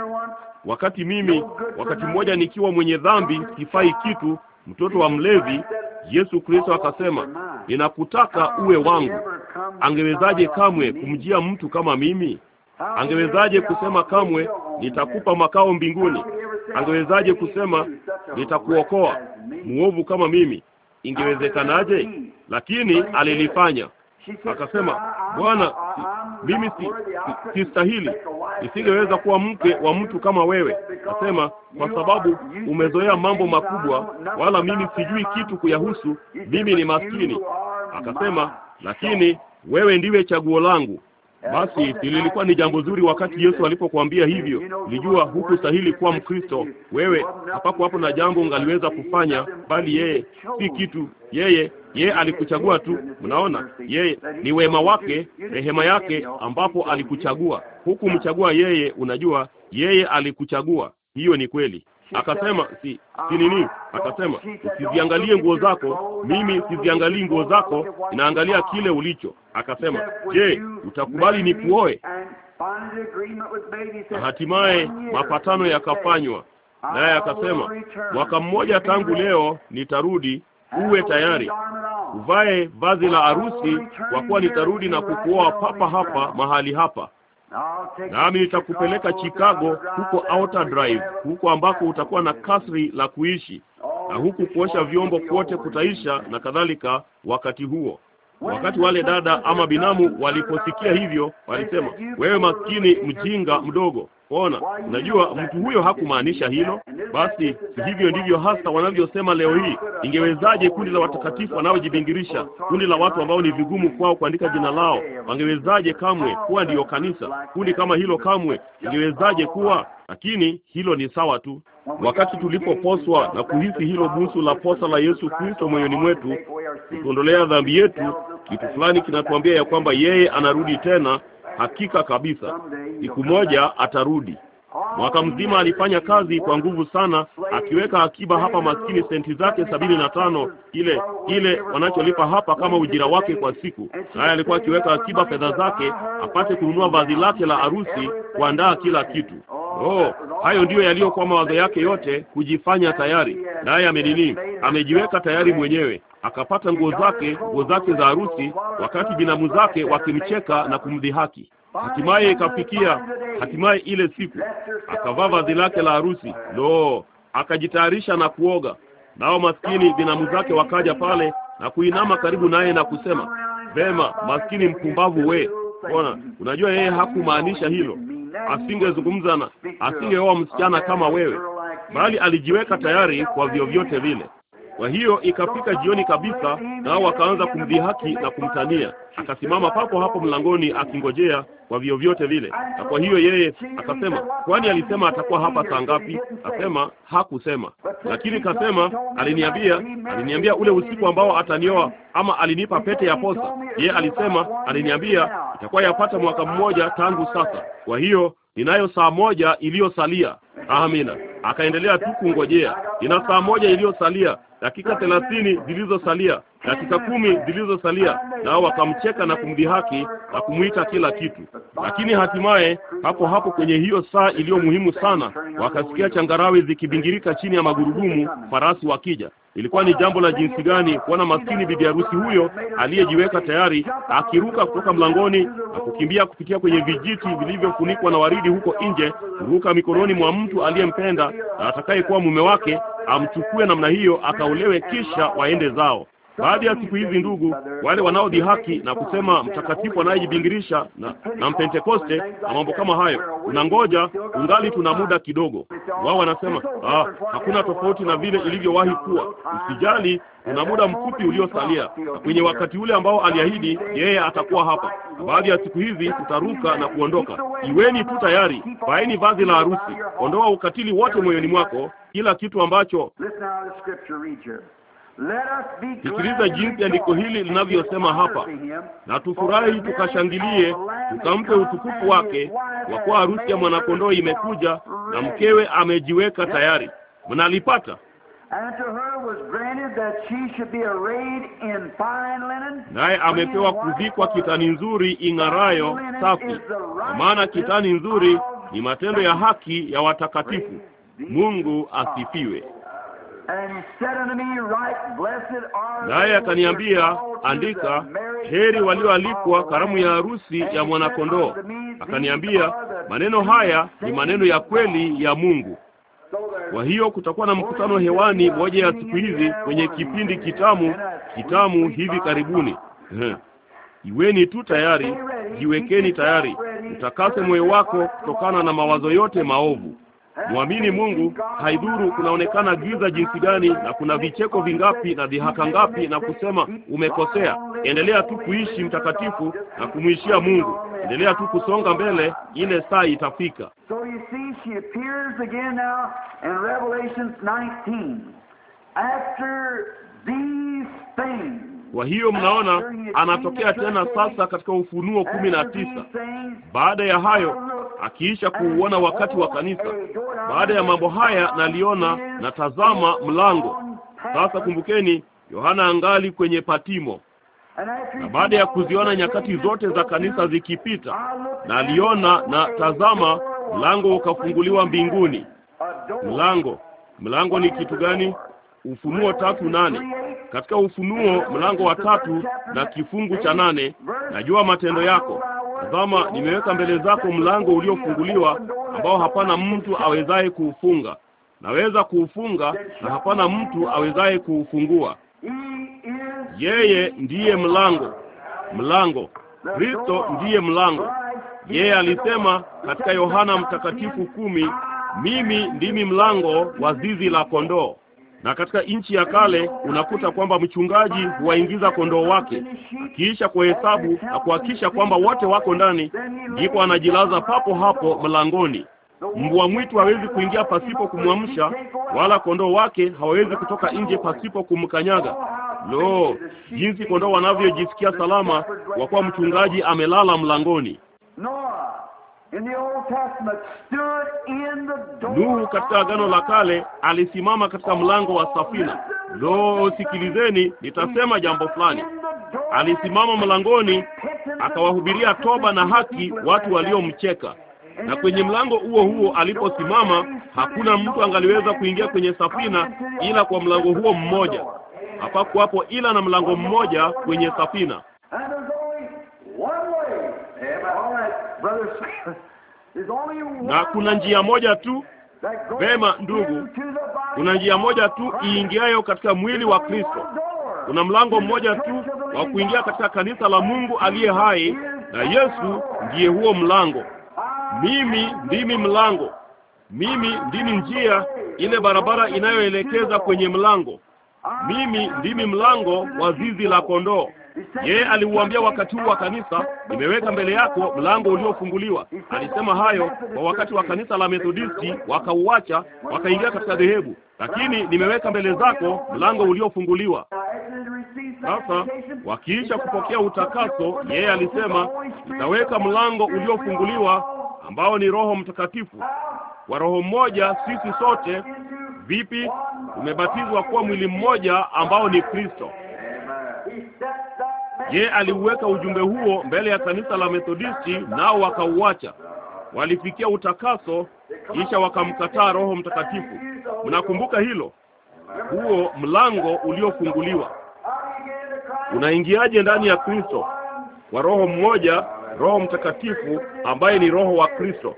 wakati mimi, wakati mmoja nikiwa mwenye dhambi, sifai kitu, mtoto wa mlevi, Yesu Kristo akasema, ninakutaka uwe wangu. Angewezaje kamwe kumjia mtu kama mimi? Angewezaje kusema kamwe, nitakupa makao mbinguni? angewezaje kusema nitakuokoa muovu kama mimi? Ingewezekanaje? Lakini alilifanya. Akasema, Bwana, mimi si, si, sistahili, nisingeweza kuwa mke wa mtu kama wewe. Akasema, kwa sababu umezoea mambo makubwa, wala mimi sijui kitu kuyahusu. Mimi ni maskini. Akasema, lakini wewe ndiwe chaguo langu, basi lilikuwa ni jambo zuri wakati Yesu alipokuambia hivyo. Nilijua hukustahili kuwa Mkristo wewe, hapako hapo na jambo ungaliweza kufanya, bali yeye si kitu. Yeye yeye alikuchagua tu. Mnaona, yeye ni wema wake, rehema yake, ambapo alikuchagua. Hukumchagua yeye, unajua, yeye alikuchagua. Hiyo ni kweli. Akasema si, ah, si nini? Akasema usiziangalie nguo zako, mimi siziangalii nguo zako, inaangalia kile ulicho. Akasema je, utakubali ni kuoe? Na hatimaye mapatano yakafanywa, naye akasema mwaka mmoja tangu leo nitarudi, uwe tayari uvae vazi la arusi, kwa kuwa nitarudi na kukuoa papa hapa mahali hapa nami nitakupeleka Chicago, huko Outer Drive, huko ambako utakuwa na kasri la kuishi na huku kuosha vyombo kwote kutaisha na kadhalika. Wakati huo, wakati wale dada ama binamu waliposikia hivyo, walisema wewe maskini mjinga mdogo, Ona, unajua mtu huyo hakumaanisha hilo. Basi hivyo ndivyo hasa wanavyosema leo hii. Ingewezaje kundi la watakatifu wanaojibingirisha, kundi la watu ambao ni vigumu kwao kuandika jina lao, wangewezaje kamwe kuwa ndiyo kanisa? Kundi kama hilo kamwe ingewezaje kuwa? Lakini hilo ni sawa tu. Wakati tulipoposwa na kuhisi hilo busu la posa la Yesu Kristo moyoni mwetu, kutuondolea dhambi yetu, kitu fulani kinatuambia ya kwamba yeye anarudi tena Hakika kabisa siku moja atarudi. Mwaka mzima alifanya kazi kwa nguvu sana, akiweka akiba hapa, maskini senti zake sabini na tano, ile ile wanacholipa hapa kama ujira wake kwa siku. Naye alikuwa akiweka akiba fedha zake apate kununua vazi lake la harusi, kuandaa kila kitu. Oh, hayo ndiyo yaliyokuwa mawazo yake yote, kujifanya tayari. Naye amenini, amejiweka tayari mwenyewe akapata nguo zake, nguo zake za harusi, wakati binamu zake wakimcheka na kumdhihaki. Hatimaye ikafikia, hatimaye ile siku akavaa vazi lake la harusi, lo akajitayarisha na kuoga. Nao maskini binamu zake wakaja pale na kuinama karibu naye na kusema, vema, maskini mpumbavu we. Ona, unajua yeye hakumaanisha hilo, asingezungumza na asingeoa msichana kama wewe, bali alijiweka tayari kwa vyovyote vile. Kwa hiyo ikafika jioni kabisa, nao wakaanza kumdhihaki na kumtania. Akasimama papo hapo mlangoni akingojea kwa vyovyote vile, na kwa hiyo yeye akasema, kwani alisema atakuwa hapa saa ngapi? Akasema hakusema, lakini kasema aliniambia, aliniambia ule usiku ambao atanioa, ama alinipa pete ya posa. Yeye alisema aliniambia itakuwa yapata mwaka mmoja tangu sasa, kwa hiyo ninayo saa moja iliyosalia. Amina. Akaendelea tu kungojea, ina saa moja iliyosalia dakika thelathini zilizosalia dakika kumi zilizosalia, nao wakamcheka na kumdhihaki na kumwita kila kitu. Lakini hatimaye hapo hapo kwenye hiyo saa iliyo muhimu sana, wakasikia changarawi zikibingirika chini ya magurudumu, farasi wakija. Ilikuwa ni jambo la jinsi gani kuona maskini bibi harusi huyo aliyejiweka tayari akiruka kutoka mlangoni na kukimbia kupitia kwenye vijiti vilivyofunikwa na waridi huko nje, kuruka mikononi mwa mtu aliyempenda na atakayekuwa mume wake, amchukue namna hiyo, akaolewe, kisha waende zao. Baadhi ya siku hizi, ndugu, wale wanaodhihaki na kusema mtakatifu anayejibingirisha na, na mpentekoste na mambo kama hayo, unangoja ungali tuna muda kidogo. Wao wanasema ah, hakuna tofauti na vile ilivyowahi kuwa. Usijali, una muda mfupi uliosalia, na kwenye wakati ule ambao aliahidi yeye atakuwa hapa. Baadhi ya siku hizi tutaruka na kuondoka. Iweni tu tayari, vaeni vazi la harusi, ondoa ukatili wote moyoni mwako, kila kitu ambacho Sikiliza jinsi andiko hili linavyosema hapa, na tufurahi tukashangilie, tukampe utukufu wake, kwa kuwa harusi ya mwanakondoo imekuja na mkewe amejiweka tayari. Mnalipata? Naye amepewa kuvikwa kitani nzuri ing'arayo safi, kwa maana kitani nzuri ni matendo ya haki ya watakatifu. Mungu asifiwe naye akaniambia, andika, heri walioalikwa karamu ya harusi ya mwanakondoo. Akaniambia, maneno haya ni maneno ya kweli ya Mungu. Kwa hiyo kutakuwa na mkutano hewani moja ya siku hizi kwenye kipindi kitamu kitamu hivi ah, karibuni. Iweni tu tayari, jiwekeni tayari, utakase moyo wako kutokana na mawazo yote maovu. Mwamini Mungu, haidhuru kunaonekana giza jinsi gani na kuna vicheko vingapi na dhihaka ngapi, na kusema umekosea. Endelea tu kuishi mtakatifu na kumwishia Mungu, endelea tu kusonga mbele, ile saa itafika. After these things kwa hiyo mnaona, anatokea tena sasa katika Ufunuo kumi na tisa. Baada ya hayo, akiisha kuuona wakati wa kanisa, baada ya mambo haya naliona na tazama mlango. Sasa kumbukeni, Yohana angali kwenye Patimo, na baada ya kuziona nyakati zote za kanisa zikipita, naliona na tazama mlango ukafunguliwa mbinguni. Mlango, mlango ni kitu gani? Ufunuo tatu nane katika Ufunuo mlango wa tatu na kifungu cha nane najua matendo yako. Tazama, nimeweka mbele zako mlango uliofunguliwa ambao hapana mtu awezaye kuufunga, naweza kuufunga na hapana mtu awezaye kuufungua. Yeye ndiye mlango, mlango Kristo ndiye mlango. Yeye alisema katika Yohana Mtakatifu kumi, mimi ndimi mlango wa zizi la kondoo. Na katika nchi ya kale unakuta kwamba mchungaji huwaingiza kondoo wake, akiisha kuhesabu na kuhakikisha kwamba wote wako ndani, ndipo anajilaza papo hapo mlangoni. Mbwa mwitu hawezi kuingia pasipo kumwamsha, wala kondoo wake hawawezi kutoka nje pasipo kumkanyaga. Lo, jinsi kondoo wanavyojisikia salama kwa kuwa mchungaji amelala mlangoni. Nuhu katika Agano la Kale alisimama katika oh, mlango wa safina. Lo, sikilizeni, nitasema jambo fulani. Alisimama mlangoni akawahubiria toba na haki watu waliomcheka. Na kwenye mlango huo huo aliposimama, hakuna mtu angaliweza kuingia kwenye safina ila kwa mlango huo mmoja. Hapakuwapo ila na mlango mmoja kwenye safina. na kuna njia moja tu. Vema ndugu, kuna njia moja tu iingiayo katika mwili wa Kristo. Kuna mlango mmoja tu wa kuingia katika kanisa la Mungu aliye hai, na Yesu ndiye huo mlango. Ah, mimi ndimi mlango, mimi ah, ndimi njia, ile barabara inayoelekeza kwenye mlango. Ah, mimi ndimi mlango wa zizi la kondoo. Yeye aliuambia wakati huu wa kanisa, nimeweka mbele yako mlango uliofunguliwa. Alisema hayo kwa wakati wa kanisa la Methodisti, wakauacha wakaingia katika dhehebu, lakini nimeweka mbele zako mlango uliofunguliwa. Sasa wakiisha kupokea utakaso, yeye alisema nitaweka mlango uliofunguliwa ambao ni Roho Mtakatifu. Kwa roho mmoja sisi sote vipi tumebatizwa kuwa mwili mmoja ambao ni Kristo. Je, aliuweka ujumbe huo mbele ya kanisa la Methodisti nao wakauacha? Walifikia utakaso kisha wakamkataa Roho Mtakatifu. Mnakumbuka hilo? Huo mlango uliofunguliwa. Unaingiaje ndani ya Kristo? Kwa roho mmoja, Roho Mtakatifu ambaye ni Roho wa Kristo.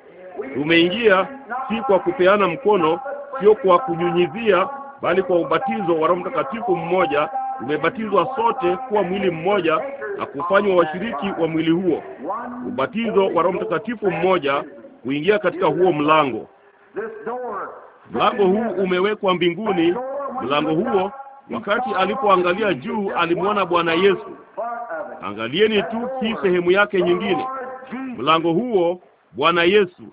Tumeingia si kwa kupeana mkono, sio kwa kunyunyizia, bali kwa ubatizo wa Roho Mtakatifu mmoja umebatizwa sote kuwa mwili mmoja na kufanywa washiriki wa mwili huo. Ubatizo wa Roho Mtakatifu mmoja kuingia katika huo mlango. Mlango huu umewekwa mbinguni. Mlango huo, wakati alipoangalia juu, alimwona Bwana Yesu. Angalieni tu hii sehemu yake nyingine, mlango huo, Bwana Yesu.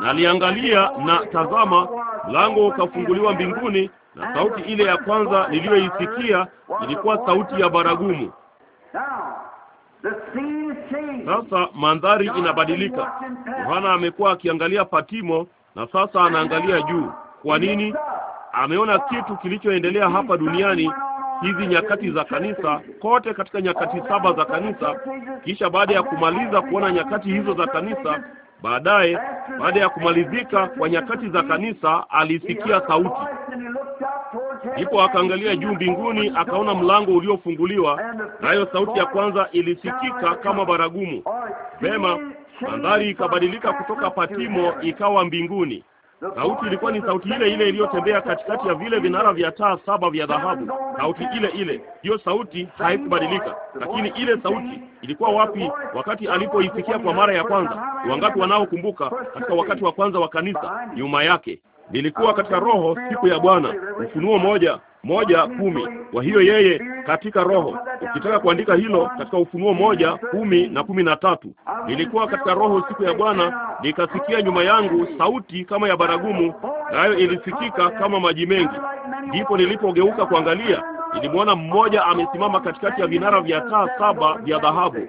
Na aliangalia na tazama, mlango ukafunguliwa mbinguni na sauti ile ya kwanza niliyoisikia ilikuwa sauti ya baragumu. Sasa mandhari inabadilika. Yohana amekuwa akiangalia Patimo na sasa anaangalia juu. Kwa nini? Ameona ah, kitu kilichoendelea hapa duniani hizi nyakati za kanisa kote katika nyakati saba za kanisa. Kisha baada ya kumaliza kuona nyakati hizo za kanisa, Baadaye, baada ya kumalizika kwa nyakati za kanisa, alisikia sauti, ndipo akaangalia juu mbinguni, akaona mlango uliofunguliwa, nayo sauti ya kwanza ilisikika kama baragumu. Vema, mandhari ikabadilika kutoka Patimo ikawa mbinguni. Sauti ilikuwa ni sauti ile ile iliyotembea katikati ya vile vinara vya taa saba vya dhahabu, sauti ile ile. Hiyo sauti haikubadilika. Lakini ile sauti ilikuwa wapi wakati alipoifikia kwa mara ya kwanza? Wangapi wanaokumbuka katika wakati wa kwanza wa kanisa? Nyuma yake nilikuwa katika Roho siku ya Bwana, Ufunuo moja moja kumi. Kwa hiyo yeye katika roho, ukitaka kuandika hilo katika Ufunuo moja kumi na kumi na tatu, nilikuwa katika roho siku ya Bwana nikasikia nyuma yangu sauti kama ya baragumu, nayo ilisikika kama maji mengi. Ndipo nilipogeuka kuangalia, nilimwona mmoja amesimama katikati ya vinara vya taa saba vya dhahabu.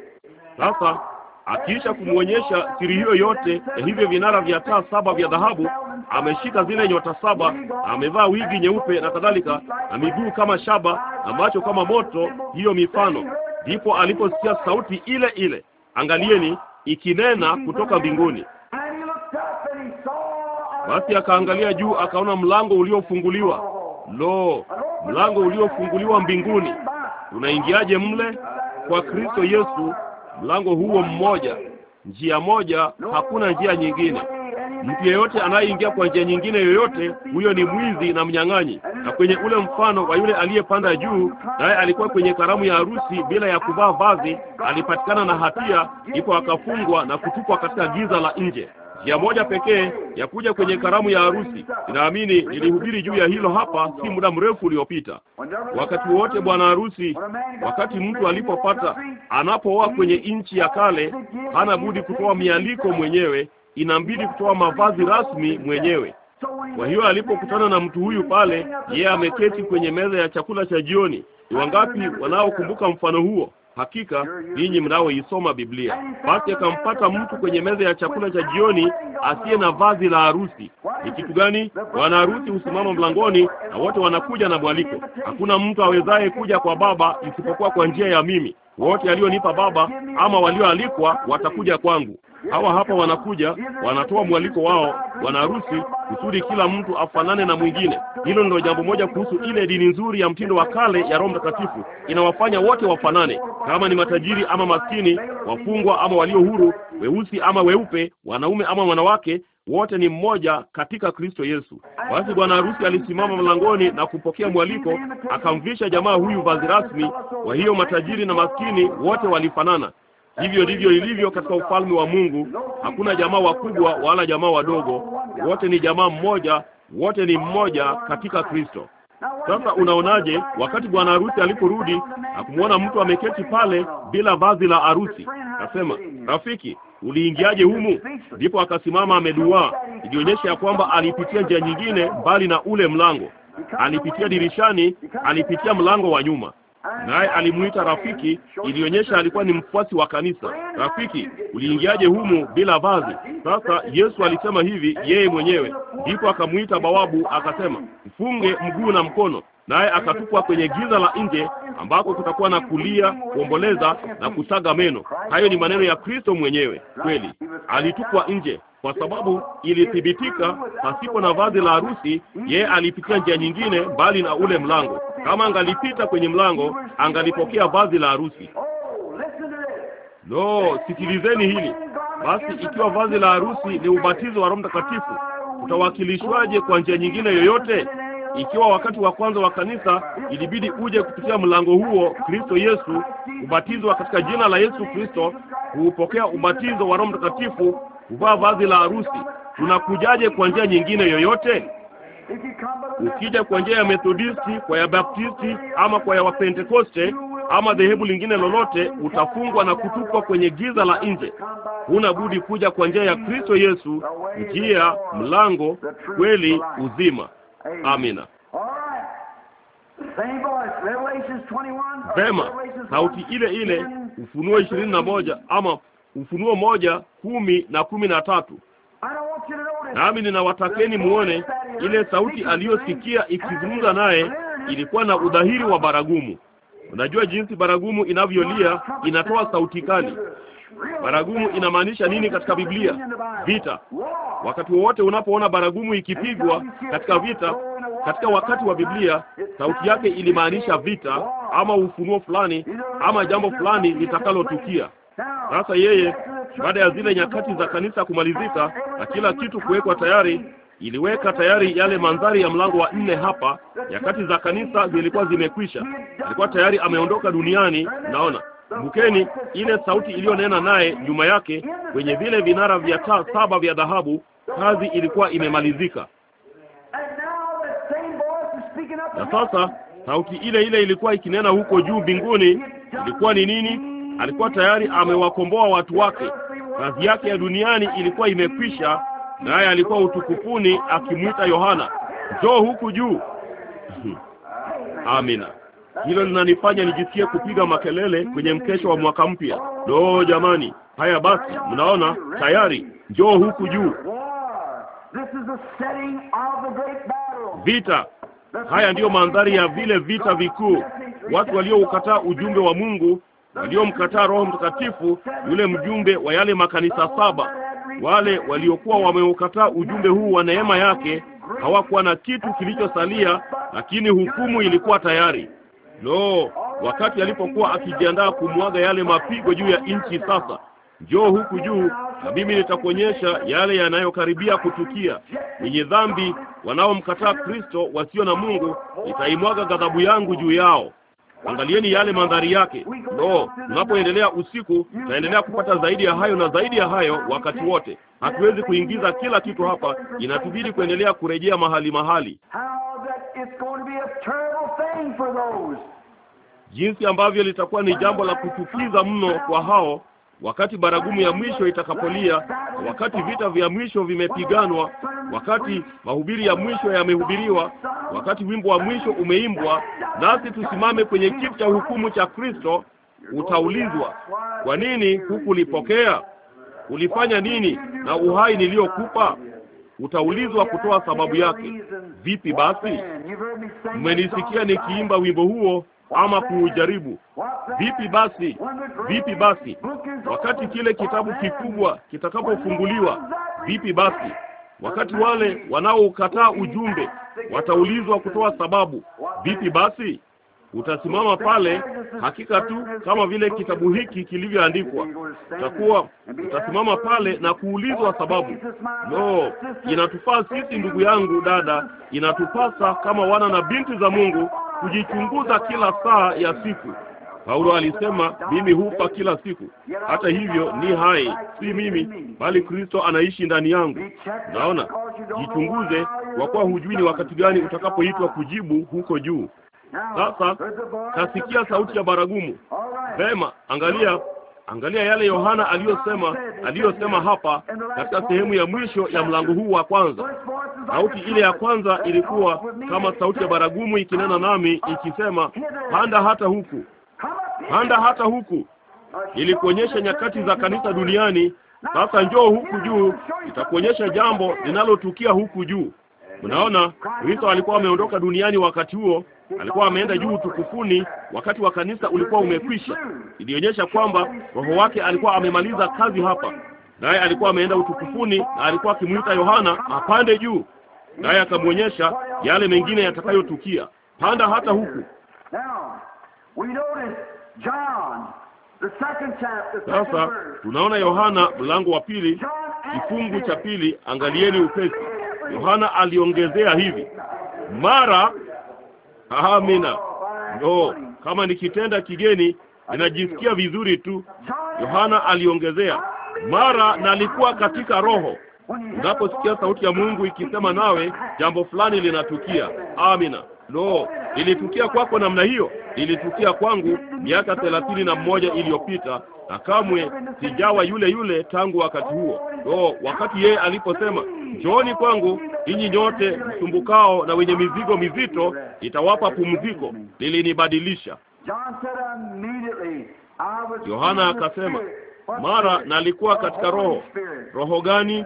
Sasa akiisha kumwonyesha siri hiyo yote ya eh, hivyo vinara vya taa saba vya dhahabu, ameshika zile nyota saba, amevaa wigi nyeupe na kadhalika, na miguu kama shaba na macho kama moto, hiyo mifano. Ndipo aliposikia sauti ile ile, angalieni, ikinena kutoka mbinguni. Basi akaangalia juu, akaona mlango uliofunguliwa. Lo, mlango uliofunguliwa mbinguni! Tunaingiaje mle? Kwa Kristo Yesu mlango huo mmoja, njia moja, hakuna njia nyingine. Mtu yeyote anayeingia kwa njia nyingine yoyote, huyo ni mwizi na mnyang'anyi. Na kwenye ule mfano wa yule aliyepanda juu, naye alikuwa kwenye karamu ya harusi bila ya kuvaa vazi, alipatikana na hatia, ndipo akafungwa na kutupwa katika giza la nje njia moja pekee ya kuja kwenye karamu ya harusi. Ninaamini nilihubiri juu ya hilo hapa si muda mrefu uliopita. Wakati wote bwana harusi, wakati mtu alipopata, anapooa kwenye nchi ya kale, hana budi kutoa mialiko mwenyewe, inambidi kutoa mavazi rasmi mwenyewe. Kwa hiyo alipokutana na mtu huyu pale, yeye ameketi kwenye meza ya chakula cha jioni. Ni wangapi wanaokumbuka mfano huo? Hakika ninyi mnaoisoma Biblia. Yaani Basi akampata mtu kwenye meza ya chakula cha jioni asiye na vazi la harusi. Ni kitu gani? Bwana harusi husimama mlangoni na wote wanakuja na mwaliko. Hakuna mtu awezaye kuja kwa Baba isipokuwa kwa njia ya mimi. Wote alionipa Baba ama walioalikwa watakuja kwangu. Hawa hapa wanakuja, wanatoa mwaliko wao, wanaharusi, kusudi kila mtu afanane na mwingine. Hilo ndio jambo moja kuhusu ile dini nzuri ya mtindo wa kale ya Roho Mtakatifu, inawafanya wote wafanane, kama ni matajiri ama maskini, wafungwa ama walio huru, weusi ama weupe, wanaume ama wanawake, wote ni mmoja katika Kristo Yesu. Basi bwana harusi alisimama mlangoni na kupokea mwaliko, akamvisha jamaa huyu vazi rasmi. Kwa hiyo matajiri na maskini wote walifanana. Hivyo ndivyo ilivyo katika ufalme wa Mungu. Hakuna jamaa wakubwa wala jamaa wadogo, wote ni jamaa mmoja, wote ni mmoja katika Kristo. Sasa unaonaje? Wakati bwana harusi aliporudi, kumwona mtu ameketi pale bila vazi la harusi. Akasema, rafiki uliingiaje humu? Ndipo akasimama ameduaa, ikionyesha ya kwamba alipitia njia nyingine mbali na ule mlango. Alipitia dirishani, alipitia mlango wa nyuma. Naye alimuita rafiki, ilionyesha alikuwa ni mfuasi wa kanisa. Rafiki, uliingiaje humu bila vazi? Sasa Yesu alisema hivi yeye mwenyewe, ndipo akamuita bawabu, akasema mfunge mguu na mkono naye akatupwa kwenye giza la nje ambako kutakuwa na kulia, kuomboleza na kusaga meno. Hayo ni maneno ya Kristo mwenyewe. Kweli alitupwa nje kwa sababu ilithibitika pasipo na vazi la harusi, yeye alipitia njia nyingine mbali na ule mlango. Kama angalipita kwenye mlango, angalipokea vazi la harusi. Lo, sikilizeni hili basi. Ikiwa vazi la harusi ni ubatizo wa Roho Mtakatifu, utawakilishwaje kwa njia nyingine yoyote? Ikiwa wakati wa kwanza wa kanisa ilibidi uje kupitia mlango huo, Kristo Yesu, ubatizwa katika jina la Yesu Kristo, kuupokea ubatizo wa Roho Mtakatifu, kuvaa vazi la harusi, tunakujaje kwa njia nyingine yoyote? Ukija kwa njia ya Methodisti, kwa ya Baptisti, ama kwa ya Wapentekoste ama dhehebu lingine lolote, utafungwa na kutupwa kwenye giza la nje. Huna budi kuja kwa njia ya Kristo Yesu, njia, mlango, kweli, uzima. Amina. Vema, sauti ile ile, Ufunuo ishirini na moja ama Ufunuo moja kumi na kumi na tatu. Nami ninawatakeni muone ile sauti aliyosikia ikizungumza naye, ilikuwa na udhahiri wa baragumu. Unajua jinsi baragumu inavyolia, inatoa sauti kali. Baragumu inamaanisha nini katika Biblia? Vita, Wakati wowote unapoona baragumu ikipigwa katika vita, katika wakati wa Biblia, sauti yake ilimaanisha vita ama ufunuo fulani ama jambo fulani litakalotukia. Sasa yeye, baada ya zile nyakati za kanisa kumalizika ah, na kila kitu kuwekwa tayari, iliweka tayari yale mandhari ya mlango wa nne hapa. Nyakati za kanisa zilikuwa zimekwisha, alikuwa tayari ameondoka duniani. Naona bukeni ile sauti iliyonena naye nyuma yake kwenye vile vinara vya taa saba vya dhahabu kazi ilikuwa imemalizika. Na sasa sauti ile ile ilikuwa ikinena huko juu mbinguni. Ilikuwa ni nini? Alikuwa tayari amewakomboa watu wake. Kazi yake ya duniani ilikuwa imekwisha, naye alikuwa utukufuni akimwita Yohana, njoo huku juu. Amina. Hilo linanifanya nijisikie kupiga makelele kwenye mkesho wa mwaka mpya. Doo jamani! Haya basi, mnaona tayari, njoo huku juu. Vita haya ndiyo mandhari ya vile vita vikuu. Watu walioukataa ujumbe wa Mungu, waliomkataa Roho Mtakatifu, yule mjumbe wa yale makanisa saba, wale waliokuwa wameukataa ujumbe huu wa neema yake, hawakuwa na kitu kilichosalia, lakini hukumu ilikuwa tayari. Lo, wakati alipokuwa akijiandaa kumwaga yale mapigo juu ya nchi sasa njoo huku juu, na mimi nitakuonyesha yale yanayokaribia kutukia. Wenye dhambi wanaomkataa Kristo, wasio na Mungu, nitaimwaga ghadhabu yangu juu yao. Angalieni yale mandhari yake. Lo, tunapoendelea usiku, tunaendelea kupata zaidi ya hayo na zaidi ya hayo wakati wote. Hatuwezi kuingiza kila kitu hapa, inatubidi kuendelea kurejea mahali mahali. Jinsi ambavyo litakuwa ni jambo la kuchukiza mno kwa hao wakati baragumu ya mwisho itakapolia, wakati vita vya mwisho vimepiganwa, wakati mahubiri ya mwisho yamehubiriwa, wakati wimbo wa mwisho umeimbwa, nasi tusimame kwenye kiti cha hukumu cha Kristo, utaulizwa, kwa nini hukulipokea? Ulifanya nini na uhai niliyokupa? Utaulizwa kutoa sababu yake. Vipi basi? Mmenisikia nikiimba wimbo huo ama kuujaribu. Vipi basi? Vipi basi? Wakati kile kitabu kikubwa kitakapofunguliwa, vipi basi? Wakati wale wanaoukataa ujumbe wataulizwa kutoa sababu, vipi basi? Utasimama pale hakika tu kama vile kitabu hiki kilivyoandikwa. Utakuwa utasimama pale na kuulizwa sababu. No, inatufaa sisi, ndugu yangu, dada, inatupasa kama wana na binti za Mungu kujichunguza kila saa ya siku. Paulo alisema mimi hufa kila siku, hata hivyo ni hai, si mimi bali Kristo anaishi ndani yangu. naona jichunguze, kwa kuwa hujui ni wakati gani utakapoitwa kujibu huko juu. Sasa kasikia sauti ya baragumu. Vema, angalia Angalia yale Yohana aliyosema aliyosema hapa katika sehemu ya mwisho ya mlango huu wa kwanza. Sauti ile ya kwanza ilikuwa kama sauti ya baragumu ikinena nami ikisema, panda hata huku, panda hata huku. ilikuonyesha nyakati za kanisa duniani, sasa njoo huku juu, nitakuonyesha jambo linalotukia huku juu. Unaona, Kristo alikuwa ameondoka duniani wakati huo, alikuwa ameenda juu tukufuni wakati wa kanisa ulikuwa umekwisha. Ilionyesha kwamba roho wake alikuwa amemaliza kazi hapa, naye alikuwa ameenda utukufuni, na alikuwa akimwita Yohana apande juu, naye akamwonyesha yale mengine yatakayotukia. Panda hata huku sasa. Tunaona Yohana mlango wa pili kifungu cha pili, angalieni upesi Yohana aliongezea hivi, mara amina, no, kama nikitenda kigeni ninajisikia vizuri tu. Yohana aliongezea, mara nalikuwa katika roho. Unaposikia sauti ya Mungu ikisema nawe, jambo fulani linatukia. Amina. Lo, ilitukia kwako namna hiyo? Ilitukia kwangu miaka thelathini na mmoja iliyopita, na kamwe sijawa yule yule tangu wakati huo. Lo, wakati yeye aliposema njooni kwangu ninyi nyote msumbukao na wenye mizigo mizito, itawapa pumziko, lilinibadilisha. Yohana akasema mara, nalikuwa katika roho. Roho gani?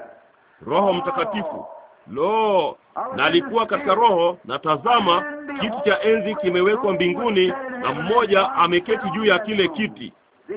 Roho Mtakatifu. Lo, na alikuwa katika roho, na tazama, kiti cha enzi kimewekwa mbinguni na mmoja ameketi juu ya kile kiti.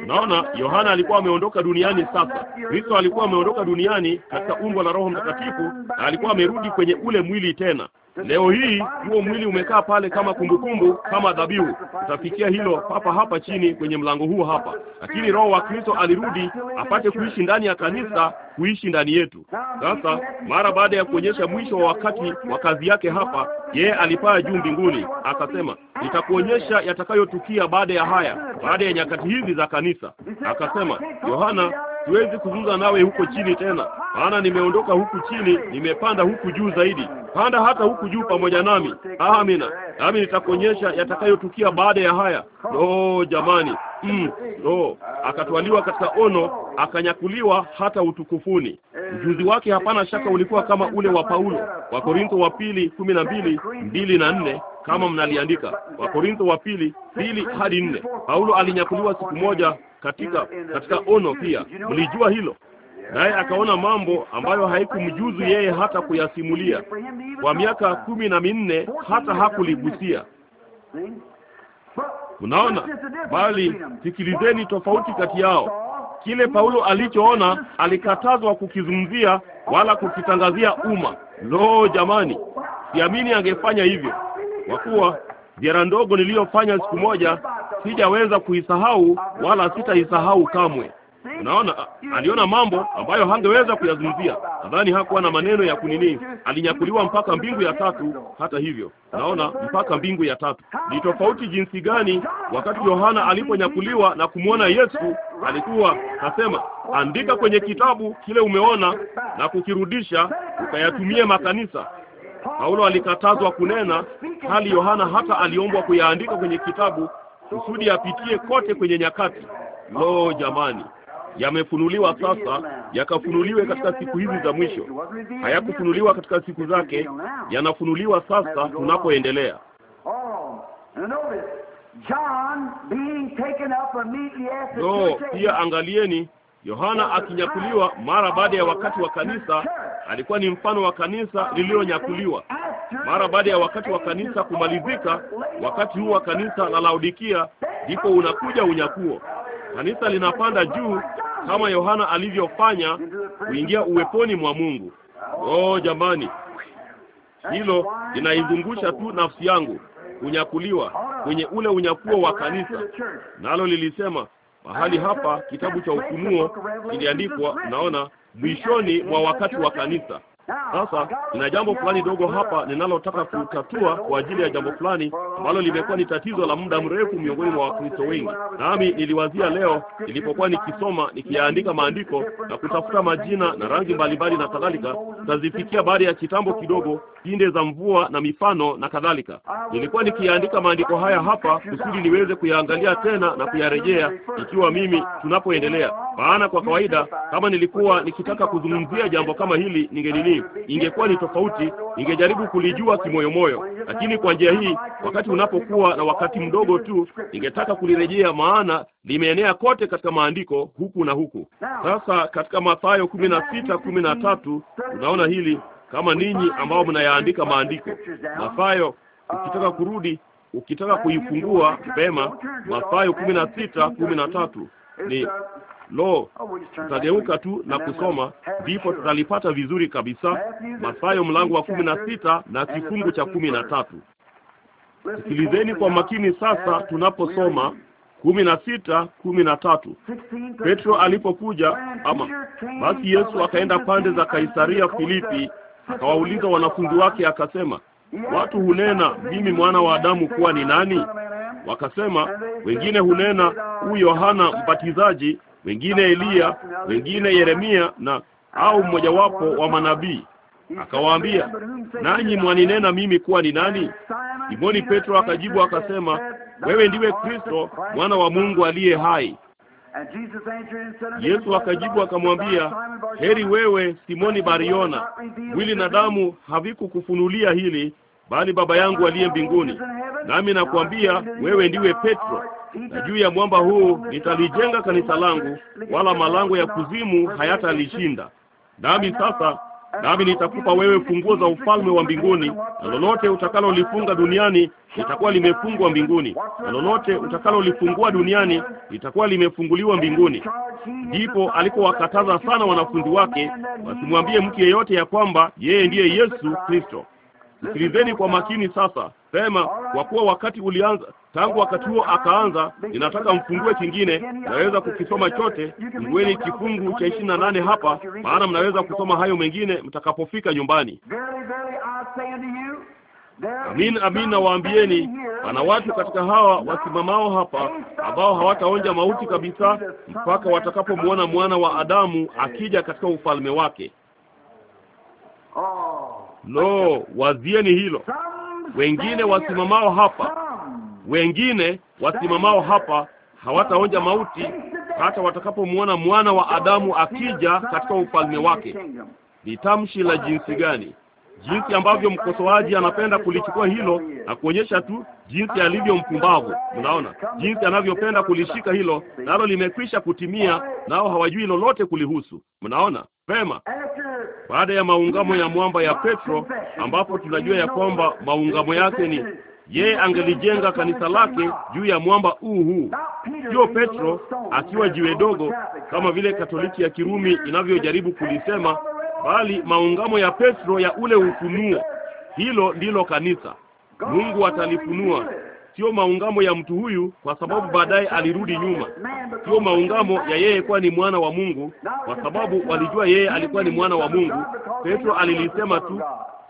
Naona Yohana alikuwa ameondoka duniani sasa. Kristo alikuwa ameondoka duniani katika umbo la Roho Mtakatifu na alikuwa amerudi kwenye ule mwili tena. Leo hii huo mwili umekaa pale kama kumbukumbu, kama dhabihu. Utafikia hilo papa hapa chini kwenye mlango huu hapa, lakini Roho wa Kristo alirudi apate kuishi ndani ya kanisa kuishi ndani yetu. Sasa mara baada ya kuonyesha mwisho wa wakati wa kazi yake hapa, yeye alipaa juu mbinguni, akasema, nitakuonyesha yatakayotukia baada ya haya, baada ya nyakati hizi za kanisa. Akasema, Yohana, siwezi kuzuza nawe huko chini tena, maana nimeondoka huku chini, nimepanda huku juu zaidi. Panda hata huku juu pamoja nami. Amina. Nami nitakuonyesha yatakayotukia baada ya haya. No, jamani mm, no. Akatwaliwa katika ono, akanyakuliwa hata utukufuni. Ujuzi wake hapana shaka ulikuwa kama ule wa Paulo wa Korintho wa pili kumi na mbili mbili na nne kama mnaliandika Wakorintho wa pili pili hadi nne. Paulo alinyakuliwa siku moja katika katika ono pia, mlijua hilo naye akaona mambo ambayo haikumjuzu yeye hata kuyasimulia. Kwa miaka kumi na minne hata hakuligusia. Unaona, bali sikilizeni tofauti kati yao. Kile Paulo alichoona alikatazwa kukizungumzia wala kukitangazia umma. Loo jamani, siamini angefanya hivyo, kwa kuwa ziara ndogo niliyofanya siku moja sijaweza kuisahau wala sitaisahau kamwe. Unaona, aliona mambo ambayo hangeweza kuyazungumzia. Nadhani hakuwa na maneno ya kunini, alinyakuliwa mpaka mbingu ya tatu. Hata hivyo, naona mpaka mbingu ya tatu ni tofauti jinsi gani. Wakati Yohana aliponyakuliwa na kumwona Yesu, alikuwa nasema, andika kwenye kitabu kile umeona na kukirudisha ukayatumie makanisa. Paulo alikatazwa kunena, hali Yohana hata aliombwa kuyaandika kwenye kitabu kusudi apitie kote kwenye nyakati. Lo, jamani! yamefunuliwa sasa, yakafunuliwe katika siku hizi za mwisho. Hayakufunuliwa katika siku zake, yanafunuliwa sasa tunapoendelea. No, pia angalieni Yohana akinyakuliwa mara baada ya wakati wa kanisa, alikuwa ni mfano wa kanisa lililonyakuliwa. Mara baada ya wakati wa kanisa kumalizika, wakati huu wa kanisa la Laodikia, ndipo unakuja unyakuo. Kanisa linapanda juu kama Yohana alivyofanya kuingia uweponi mwa Mungu. Oh jamani, hilo linaizungusha tu nafsi yangu, kunyakuliwa kwenye ule unyakuo wa kanisa. Nalo lilisema mahali hapa, kitabu cha Ufunuo kiliandikwa, naona mwishoni mwa wakati wa kanisa. Sasa nina jambo fulani dogo hapa ninalotaka kutatua kwa ajili ya jambo fulani ambalo limekuwa ni tatizo la muda mrefu miongoni mwa Wakristo wengi, nami niliwazia leo nilipokuwa nikisoma, nikiyaandika maandiko na kutafuta majina na rangi mbalimbali na kadhalika, tazifikia baada ya kitambo kidogo pinde za mvua na mifano na kadhalika. Nilikuwa nikiandika maandiko haya hapa kusudi niweze kuyaangalia tena na kuyarejea, ikiwa mimi tunapoendelea, maana kwa kawaida kama nilikuwa nikitaka kuzungumzia jambo kama hili, ningenini, ingekuwa ni tofauti, ningejaribu kulijua kimoyomoyo, lakini kwa njia hii, wakati unapokuwa na wakati mdogo tu, ningetaka kulirejea, maana limeenea kote katika maandiko huku na huku. Sasa katika Mathayo kumi na sita kumi na tatu tunaona hili kama ninyi ambao mnayaandika maandiko. Mathayo, uh, ukitaka kurudi, ukitaka kuifungua pema, Mathayo kumi na sita kumi na tatu ni lo, tutageuka tu na kusoma, ndipo tutalipata vizuri kabisa. Mathayo mlango wa kumi na sita na kifungu cha kumi na tatu. Sikilizeni kwa makini sasa tunaposoma kumi na sita kumi na tatu. Petro alipokuja ama, basi Yesu akaenda pande za Kaisaria Filipi Akawauliza wanafunzi wake akasema, watu hunena mimi mwana wa Adamu kuwa ni nani? Wakasema, wengine hunena huyu Yohana Mbatizaji, wengine Eliya, wengine Yeremia na au mmojawapo wa manabii. Akawaambia, nanyi mwaninena mimi kuwa ni nani? Simoni Petro akajibu akasema, wewe ndiwe Kristo mwana wa Mungu aliye hai. Yesu akajibu akamwambia, heri wewe Simoni Bariona, mwili na damu havikukufunulia hili, bali Baba yangu aliye mbinguni. Nami nakwambia wewe ndiwe Petro, na juu ya mwamba huu nitalijenga kanisa langu, wala malango ya kuzimu hayatalishinda. Nami sasa nami nitakupa wewe funguo za ufalme wa mbinguni, na lolote utakalolifunga duniani litakuwa limefungwa mbinguni, na lolote utakalolifungua duniani litakuwa limefunguliwa mbinguni. Ndipo alipowakataza sana wanafunzi wake wasimwambie mtu yeyote ya kwamba yeye ndiye Yesu Kristo. Sikilizeni kwa makini sasa, sema kwa kuwa wakati ulianza Tangu wakati huo akaanza, ninataka mfungue kingine. Naweza kukisoma chote. Fungueni kifungu cha ishirini na nane hapa, maana mnaweza kusoma hayo mengine mtakapofika nyumbani. Amin, amin, nawaambieni, pana watu katika hawa wasimamao hapa ambao hawataonja mauti kabisa mpaka watakapomwona mwana wa Adamu akija katika ufalme wake. Lo, wazieni hilo. Wengine wasimamao hapa wengine wasimamao hapa hawataonja mauti hata watakapomwona mwana wa Adamu akija katika ufalme wake. Ni tamshi la jinsi gani! Jinsi ambavyo mkosoaji anapenda kulichukua hilo na kuonyesha tu jinsi alivyo mpumbavu. Mnaona jinsi anavyopenda kulishika hilo, nalo limekwisha kutimia, nao hawajui lolote kulihusu. Mnaona pema. Baada ya maungamo ya mwamba ya Petro, ambapo tunajua ya kwamba maungamo yake ni yeye angelijenga kanisa lake juu ya mwamba huu huu. Sio Petro akiwa jiwe dogo, kama vile Katoliki ya Kirumi inavyojaribu kulisema, bali maungamo ya Petro ya ule ufunuo. Hilo ndilo kanisa Mungu atalifunua, sio maungamo ya mtu huyu, kwa sababu baadaye alirudi nyuma. Sio maungamo ya yeye kuwa ni mwana wa Mungu, kwa sababu walijua yeye alikuwa ni mwana wa Mungu. Petro alilisema tu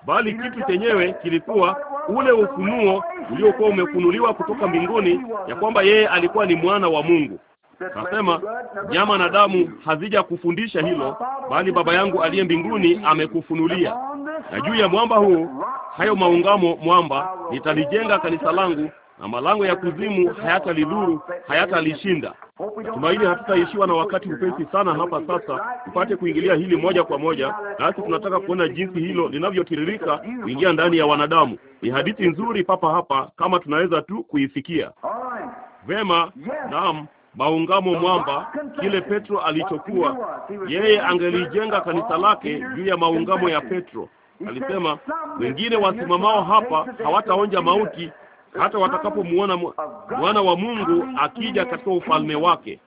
bali kitu chenyewe kilikuwa ule ufunuo uliokuwa umefunuliwa kutoka mbinguni ya kwamba yeye alikuwa ni mwana wa Mungu. Nasema nyama na damu hazijakufundisha hilo, bali Baba yangu aliye mbinguni amekufunulia. Na juu ya mwamba huu, hayo maungamo mwamba, nitalijenga kanisa langu na malango ya kuzimu hayatalidhuru, hayatalishinda. Natumaini hatutaishiwa na wakati upesi sana hapa sasa, tupate kuingilia hili moja kwa moja, nasi tunataka kuona jinsi hilo linavyotiririka kuingia ndani ya wanadamu. Ni hadithi nzuri papa hapa, kama tunaweza tu kuifikia vema. Naam, maungamo mwamba, kile Petro alichokuwa yeye, angelijenga kanisa lake juu ya maungamo ya Petro. Alisema wengine wasimamao hapa hawataonja mauti hata watakapomuona mwana wa Mungu akija katika ufalme wake.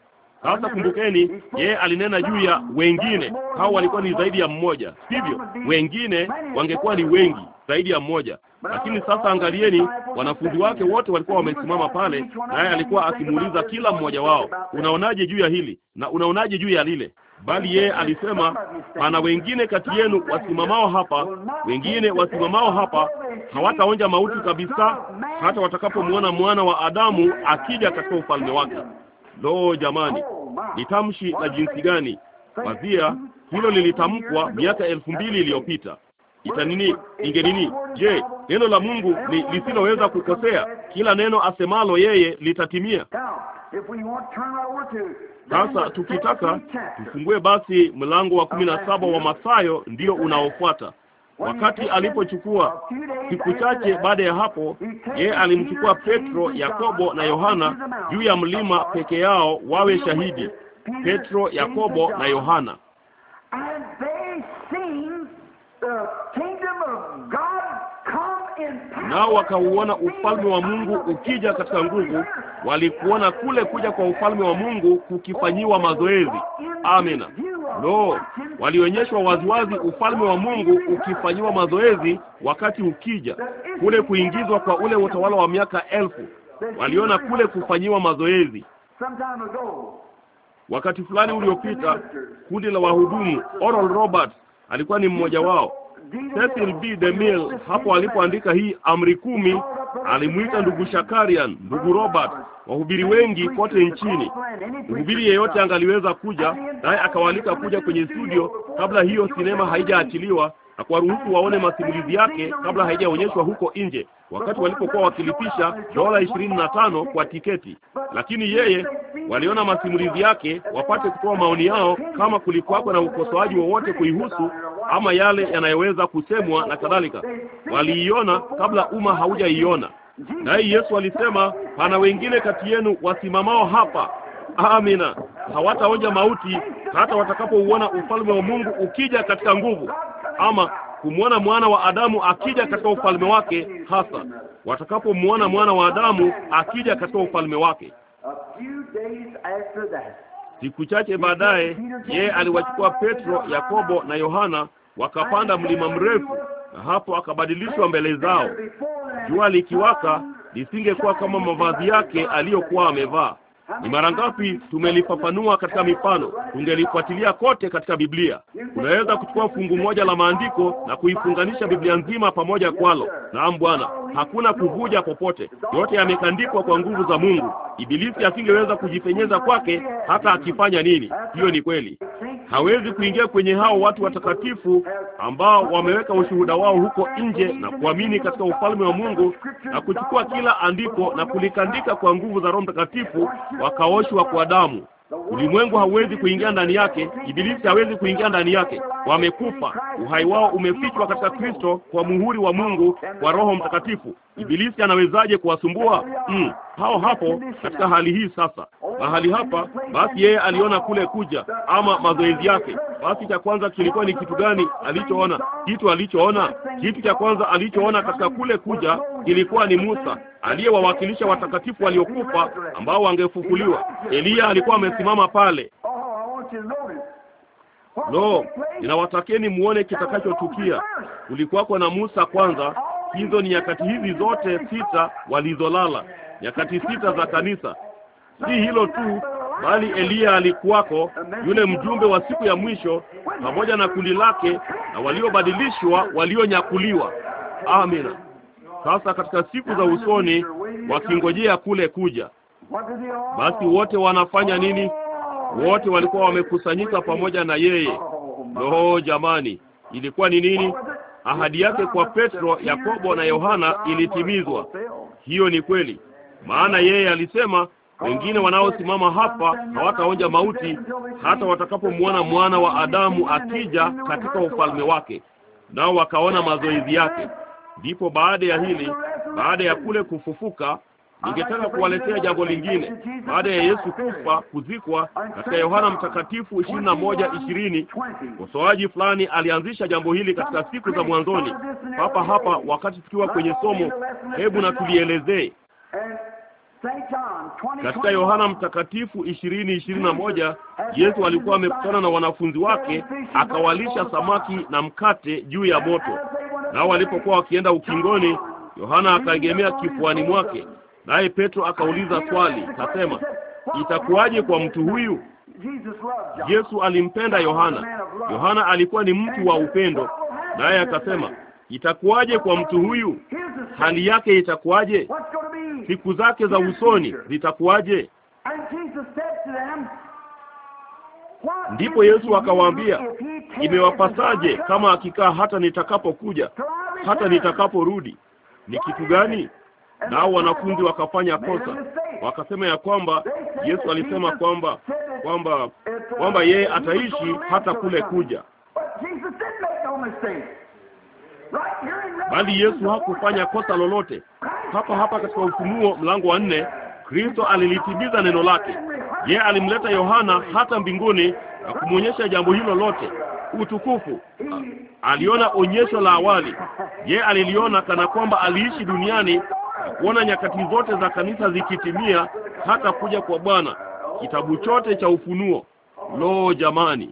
Sasa kumbukeni, yeye alinena juu ya wengine. Hao walikuwa ni zaidi ya mmoja, sivyo? Wengine wangekuwa ni wengi zaidi ya mmoja, lakini sasa angalieni, wanafunzi wake wote walikuwa wamesimama pale, naye alikuwa akimuuliza kila mmoja wao, unaonaje juu ya hili na unaonaje juu ya lile? bali yeye alisema, pana wengine kati yenu wasimamao hapa, wengine wasimamao hapa hawataonja mauti kabisa, hata watakapomwona mwana wa Adamu akija katika ufalme wake. Lo, jamani, ni tamshi la jinsi gani! Wazia hilo lilitamkwa miaka elfu mbili iliyopita ita nini inge nini? Je, neno la Mungu ni lisiloweza kukosea, kila neno asemalo yeye litatimia. Sasa tukitaka tufungue basi mlango wa kumi na saba wa Mathayo, ndio unaofuata. Wakati alipochukua siku chache baada ya hapo, yeye alimchukua Petro, Yakobo na Yohana juu ya mlima peke yao wawe shahidi. Petro, Yakobo na Yohana nao wakauona ufalme wa Mungu ukija katika nguvu. Walikuona kule kuja kwa ufalme wa Mungu kukifanyiwa mazoezi. Amina. Lo, walionyeshwa waziwazi ufalme wa Mungu ukifanyiwa mazoezi wakati ukija kule kuingizwa kwa ule utawala wa miaka elfu. Waliona kule kufanyiwa mazoezi. Wakati fulani uliopita, kundi la wahudumu Oral Roberts alikuwa ni mmoja wao. Cecil B. DeMille hapo alipoandika hii amri kumi alimwita ndugu Shakarian, ndugu Robert, wahubiri wengi kote nchini. Mhubiri yeyote angaliweza kuja naye akawaalika kuja kwenye studio kabla hiyo sinema haijaachiliwa na kuwaruhusu waone masimulizi yake kabla haijaonyeshwa huko nje, wakati walipokuwa wakilipisha dola ishirini na tano kwa tiketi. Lakini yeye waliona masimulizi yake wapate kutoa maoni yao, kama kulikuwako na ukosoaji wowote kuihusu ama yale yanayoweza kusemwa na kadhalika. Waliiona kabla umma haujaiona. Naye Yesu alisema, pana wengine kati yenu wasimamao hapa, amina, hawataonja mauti hata watakapouona ufalme wa Mungu ukija katika nguvu ama kumwona mwana wa Adamu akija katika ufalme wake, hasa watakapomwona mwana wa Adamu akija katika ufalme wake. Siku chache baadaye, yeye aliwachukua Petro, Yakobo na Yohana wakapanda mlima mrefu, na hapo akabadilishwa mbele zao. Jua likiwaka lisingekuwa kama mavazi yake aliyokuwa amevaa. Ni mara ngapi tumelifafanua katika mifano, tungelifuatilia kote katika Biblia. Unaweza kuchukua fungu moja la maandiko na kuifunganisha Biblia nzima pamoja kwalo. Naam Bwana, hakuna kuvuja popote, yote yamekandikwa kwa nguvu za Mungu. Ibilisi asingeweza kujipenyeza kwake hata akifanya nini. Hiyo ni kweli, hawezi kuingia kwenye hao watu watakatifu ambao wameweka ushuhuda wao huko nje na kuamini katika ufalme wa Mungu na kuchukua kila andiko na kulikandika kwa nguvu za Roho Mtakatifu wakaoshwa kwa damu. Ulimwengu hauwezi kuingia ndani yake, ibilisi hawezi kuingia ndani yake. Wamekufa, uhai wao umefichwa katika Kristo kwa muhuri wa Mungu, kwa Roho Mtakatifu. Ibilisi anawezaje kuwasumbua? Mm, hao hapo katika hali hii sasa, mahali hapa basi, yeye aliona kule kuja ama mazoezi yake. Basi cha kwanza kilikuwa ni kitu gani alichoona? Kitu alichoona, kitu cha kwanza alichoona katika kule kuja kilikuwa ni Musa aliyewawakilisha watakatifu waliokufa ambao wangefufuliwa. Eliya alikuwa amesimama pale. Lo no, ninawatakeni muone kitakachotukia. Kulikuwako na Musa kwanza Hizo ni nyakati hizi zote sita walizolala, nyakati sita za kanisa. Si hilo tu, bali Eliya alikuwako, yule mjumbe wa siku ya mwisho, pamoja na kundi lake na waliobadilishwa, walionyakuliwa. Amina. Sasa katika siku za usoni, wakingojea kule kuja. Basi wote wanafanya nini? Wote walikuwa wamekusanyika pamoja na yeye. Loo, jamani, ilikuwa ni nini? ahadi yake kwa Petro, Yakobo na Yohana ilitimizwa. Hiyo ni kweli, maana yeye alisema wengine wanaosimama hapa hawataonja mauti hata watakapomwona mwana wa Adamu akija katika ufalme wake, nao wakaona mazoezi yake. Ndipo baada ya hili, baada ya kule kufufuka Ningetaka kuwaletea jambo lingine baada ya Yesu kufa, kuzikwa. Katika Yohana Mtakatifu ishirini na moja ishirini kosoaji fulani alianzisha jambo hili katika siku za mwanzoni, papa hapa, wakati tukiwa kwenye somo, hebu na tulielezee katika Yohana Mtakatifu ishirini ishirini na moja Yesu alikuwa amekutana na wanafunzi wake, akawalisha samaki na mkate juu ya moto, nao walipokuwa wakienda ukingoni, Yohana akaegemea kifuani mwake Naye Petro akauliza swali, kasema, itakuwaje kwa mtu huyu? Yesu alimpenda Yohana. Yohana alikuwa ni mtu wa upendo, naye akasema, itakuwaje kwa mtu huyu? Hali yake itakuwaje? Siku zake za usoni zitakuwaje? Ndipo Yesu akawaambia, imewapasaje kama akikaa hata nitakapokuja, hata nitakaporudi? Ni kitu gani? Nao wanafunzi wakafanya kosa, wakasema ya kwamba Yesu alisema kwamba kwamba kwamba yeye ataishi hata kule kuja, bali Yesu hakufanya kosa lolote. Hapa hapa katika Ufunuo mlango wa nne, Kristo alilitimiza neno lake. Yeye alimleta Yohana hata mbinguni na kumwonyesha jambo hilo lote utukufu. Aliona onyesho la awali, yeye aliliona kana kwamba aliishi duniani kuona nyakati zote za kanisa zikitimia hata kuja kwa Bwana. Kitabu chote cha Ufunuo. Lo, jamani!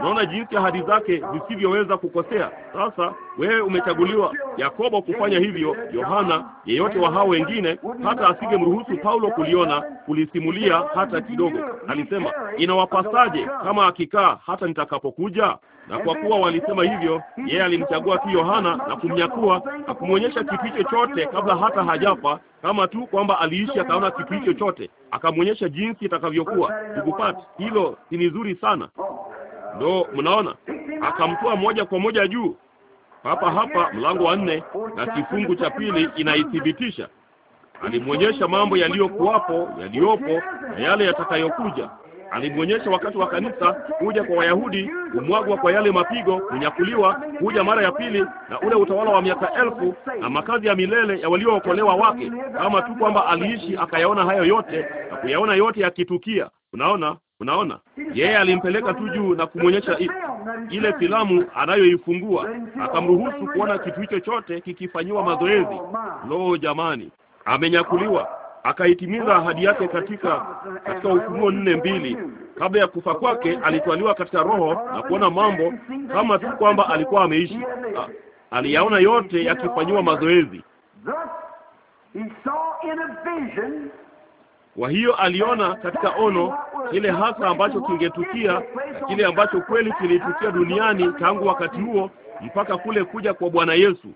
Unaona jinsi ahadi zake zisivyoweza kukosea. Sasa wewe umechaguliwa, Yakobo kufanya hivyo, Yohana, yeyote wa hao wengine, hata mruhusu Paulo kuliona, kulisimulia hata kidogo. Alisema, inawapasaje kama akikaa hata nitakapokuja? Na kwa kuwa walisema hivyo, yeye alimchagua tu Yohana na kumnyakua na kumwonyesha kitu chochote kabla hata hajapa, kama tu kwamba aliishi akaona kitu chochote, akamwonyesha jinsi itakavyokuwa. Ndugu Pat, hilo ni nzuri sana. Ndo mnaona akamtoa moja kwa moja juu papa hapa, mlango wa nne na kifungu cha pili inaithibitisha. Alimwonyesha mambo yaliyokuwapo, yaliyopo na yale yatakayokuja. Alimwonyesha wakati wa kanisa kuja kwa Wayahudi, kumwagwa kwa yale mapigo, kunyakuliwa, kuja mara ya pili na ule utawala wa miaka elfu na makazi ya milele ya waliookolewa wake, kama tu kwamba aliishi akayaona hayo yote na kuyaona yote yakitukia. Unaona, Unaona, yeye alimpeleka tu juu na kumwonyesha ile filamu anayoifungua, akamruhusu kuona kitu hicho chote kikifanyiwa mazoezi. Lo, jamani, amenyakuliwa! Akaitimiza ahadi yake katika katika Ufunuo nne mbili. Kabla ya kufa kwake alitwaliwa katika roho na kuona mambo kama tu kwamba alikuwa ameishi. Aliyaona yote yakifanyiwa mazoezi. Kwa hiyo aliona katika ono kile hasa ambacho kingetukia na kile ambacho kweli kilitukia duniani tangu wakati huo mpaka kule kuja kwa Bwana Yesu,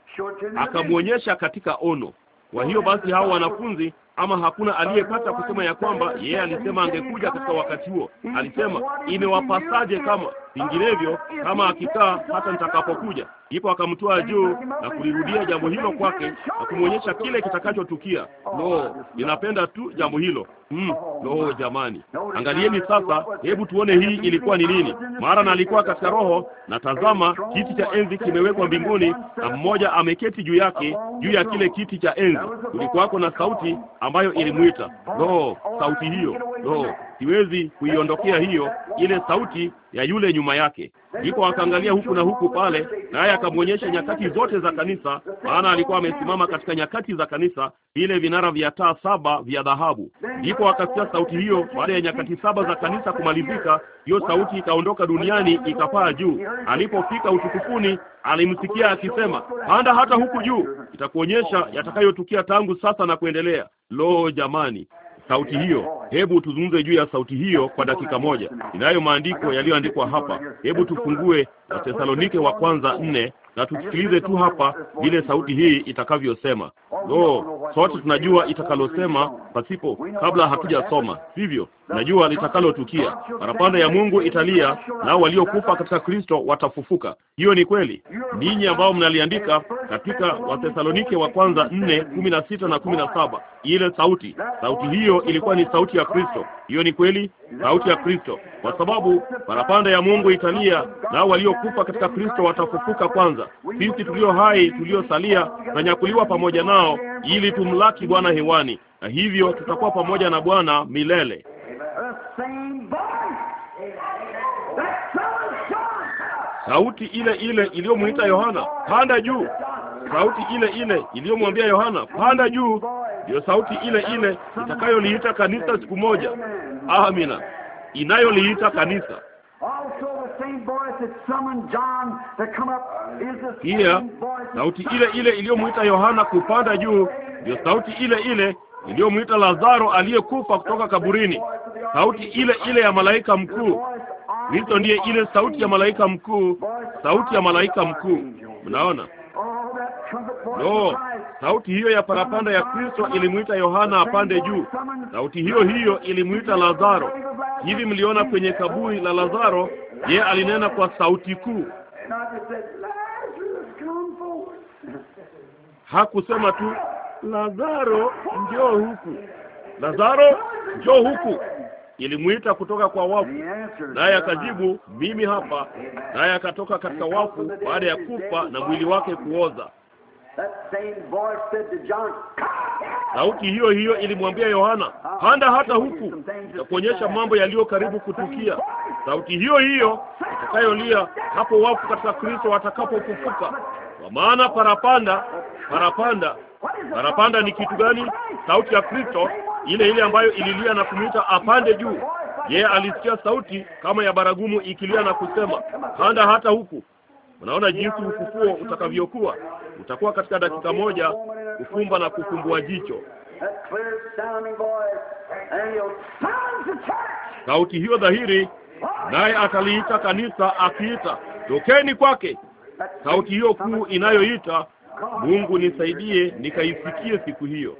akamwonyesha katika ono. Kwa hiyo basi hao wanafunzi ama hakuna aliyepata kusema ya kwamba yeye yeah, alisema angekuja katika wakati huo. Alisema imewapasaje kama vinginevyo, kama akikaa hata nitakapokuja. Ndipo akamtoa juu na kulirudia jambo hilo kwake na kumwonyesha kile kitakachotukia. No, ninapenda tu jambo hilo mm. No jamani, angalieni sasa, hebu tuone hii ilikuwa ni nini. Mara na alikuwa katika roho, na tazama, kiti cha enzi kimewekwa mbinguni, na mmoja ameketi juu yake, juu ya kile kiti cha enzi. Kulikuwako na sauti ambayo ilimwita. Roho, sauti hiyo! roho, siwezi kuiondokea hiyo ile sauti ya yule nyuma yake. Ndipo akaangalia huku na huku pale, naye akamwonyesha nyakati zote za kanisa, maana alikuwa amesimama katika nyakati za kanisa, vile vinara vya taa saba vya dhahabu. Ndipo akasikia sauti hiyo. Baada ya nyakati saba za kanisa kumalizika, hiyo sauti ikaondoka duniani ikapaa juu. Alipofika utukufuni, alimsikia akisema, panda hata huku juu, itakuonyesha yatakayotukia tangu sasa na kuendelea. Lo, jamani! sauti hiyo. Hebu tuzungumze juu ya sauti hiyo kwa dakika moja. Inayo maandiko yaliyoandikwa hapa. Hebu tufungue Wathesalonike wa kwanza nne na tusikilize tu hapa vile sauti hii itakavyosema. Lo, sote tunajua itakalosema pasipo kabla hatujasoma, sivyo? najua litakalotukia. Parapanda ya Mungu italia, nao waliokufa katika Kristo watafufuka. Hiyo ni kweli. Ninyi ambao mnaliandika katika Wathesalonike wa kwanza nne kumi na sita na kumi na saba ile sauti, sauti hiyo ilikuwa ni sauti ya Kristo. Hiyo ni kweli, sauti ya Kristo, kwa sababu parapanda ya Mungu italia, nao waliokufa katika Kristo watafufuka kwanza. Sisi tulio hai tuliosalia tutanyakuliwa pamoja nao ili tumlaki Bwana hewani, na hivyo tutakuwa pamoja na Bwana milele. Sauti ile ile iliyomwita Yohana, panda juu. Sauti ile ile iliyomwambia Yohana, panda juu, ndiyo sauti ile ile itakayoliita kanisa siku moja. Amina, inayoliita kanisa pia. Sauti ile ile iliyomwita Yohana kupanda juu, ndiyo sauti ile ile iliyomwita Lazaro aliyekufa kutoka kaburini, sauti ile ile ya malaika mkuu. Kristo ndiye ile sauti ya malaika mkuu, sauti ya malaika mkuu. Mnaona? No, sauti hiyo ya parapanda ya Kristo ilimwita Yohana apande juu. Sauti hiyo hiyo ilimwita Lazaro. Hivi mliona kwenye kaburi la Lazaro, yeye alinena kwa sauti kuu. Hakusema tu Lazaro, njoo huku, Lazaro, njoo huku, ilimwita kutoka kwa wafu, naye akajibu, mimi hapa. Naye akatoka katika wafu baada ya kufa na mwili wake kuoza. Sauti hiyo hiyo ilimwambia Yohana, panda hata huku, itakuonyesha mambo yaliyo karibu kutukia. Sauti hiyo hiyo itakayolia hapo wafu katika Kristo watakapofufuka. Kwa maana parapanda, parapanda, Anapanda ni kitu gani? Sauti ya Kristo ile ile ambayo ililia na kumwita apande juu. Yeye alisikia sauti kama ya baragumu ikilia na kusema, panda hata huku. Unaona jinsi ufufuo utakavyokuwa, utakuwa katika dakika moja, kufumba na kufumbua jicho. Sauti hiyo dhahiri, naye ataliita kanisa akiita, tokeni kwake. Sauti hiyo kuu inayoita Mungu nisaidie nikaifikie siku hiyo.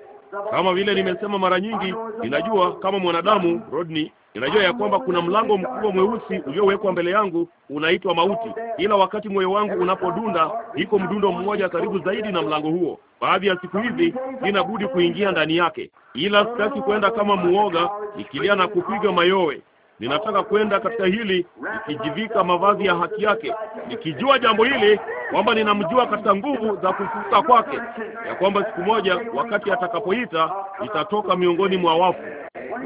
Kama vile nimesema mara nyingi, ninajua kama mwanadamu Rodney, ninajua ya kwamba kuna mlango mkubwa mweusi uliowekwa mbele yangu unaitwa mauti. Ila wakati moyo wangu unapodunda, iko mdundo mmoja karibu zaidi na mlango huo. Baadhi ya siku hizi sina budi kuingia ndani yake, ila sitaki kwenda kama muoga nikilia na kupiga mayowe ninataka kwenda katika hili nikijivika mavazi ya haki yake, nikijua jambo hili kwamba ninamjua katika nguvu za kufufuka kwake, ya kwamba siku moja wakati atakapoita nitatoka miongoni mwa wafu,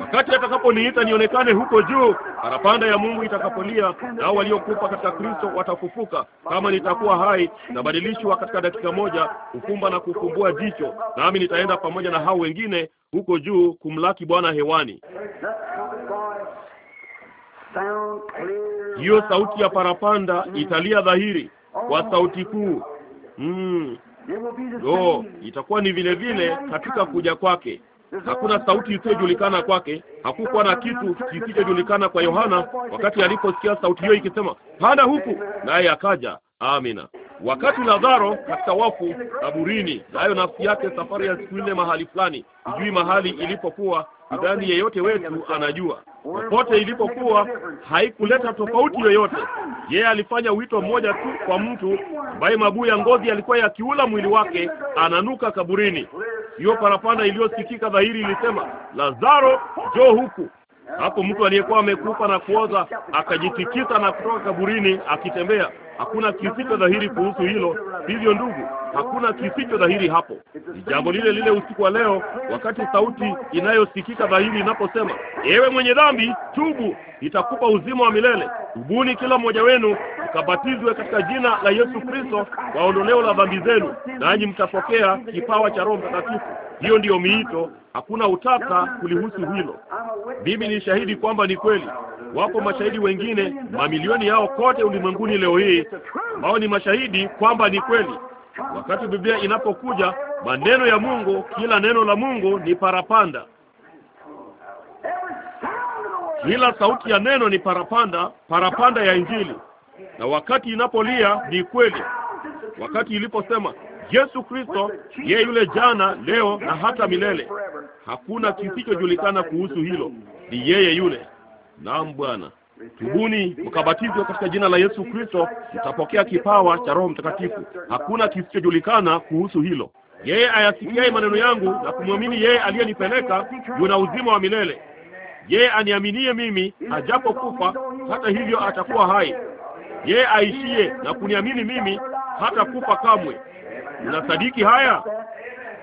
wakati atakaponiita nionekane huko juu, parapanda ya Mungu itakapolia, nao waliokufa katika Kristo watafufuka. Kama nitakuwa hai, nabadilishwa katika dakika moja, kufumba na kufumbua jicho, nami nitaenda pamoja na hao wengine huko juu kumlaki Bwana hewani. Hiyo sauti ya parapanda italia dhahiri kwa sauti kuu. Mm. Do, itakuwa ni vile vile katika kuja kwake. Hakuna sauti isiyojulikana kwake. Hakukuwa na kitu kisichojulikana kwa Yohana wakati aliposikia sauti hiyo ikisema, "Hana huku." Naye akaja. Amina. Wakati Lazaro katika wafu kaburini, nayo nafsi yake safari ya siku nne mahali fulani, sijui mahali ilipokuwa nadhani yeyote wetu anajua popote ilipokuwa, haikuleta tofauti yoyote. Yeye alifanya wito mmoja tu kwa mtu ambaye mabuu ya ngozi yalikuwa yakiula mwili wake, ananuka kaburini. Hiyo parapanda iliyosikika dhahiri ilisema, Lazaro, njoo huku. Hapo mtu aliyekuwa amekufa na kuoza akajitikisa na kutoka kaburini akitembea. Hakuna kisita dhahiri kuhusu hilo, hivyo ndugu Hakuna kisicho dhahiri hapo. Ni jambo lile lile usiku wa leo, wakati sauti inayosikika dhahiri inaposema, ewe mwenye dhambi, tubu, nitakupa uzima wa milele. Tubuni kila mmoja wenu mkabatizwe katika jina la Yesu Kristo kwa ondoleo la dhambi zenu, nanyi mtapokea kipawa cha Roho Mtakatifu. Hiyo ndiyo miito, hakuna utata kulihusu hilo. Mimi ni shahidi kwamba ni kweli. Wapo mashahidi wengine mamilioni yao kote ulimwenguni leo hii ambao ni mashahidi kwamba ni kweli. Wakati Biblia inapokuja maneno ya Mungu, kila neno la Mungu ni parapanda, kila sauti ya neno ni parapanda, parapanda ya Injili. Na wakati inapolia ni kweli, wakati iliposema Yesu Kristo yeye yule jana, leo na hata milele, hakuna kisichojulikana kuhusu hilo, ni yeye yule. Naam Bwana tubuni mkabatizwe katika jina la Yesu Kristo, mtapokea kipawa cha Roho Mtakatifu. Hakuna kisichojulikana kuhusu hilo. Yeye ayasikiaye maneno yangu na kumwamini yeye aliyenipeleka yuna uzima wa milele, yeye aniaminie mimi, ajapo kufa hata hivyo atakuwa hai. Yeye aishie na kuniamini mimi, hata kufa kamwe. Unasadiki haya?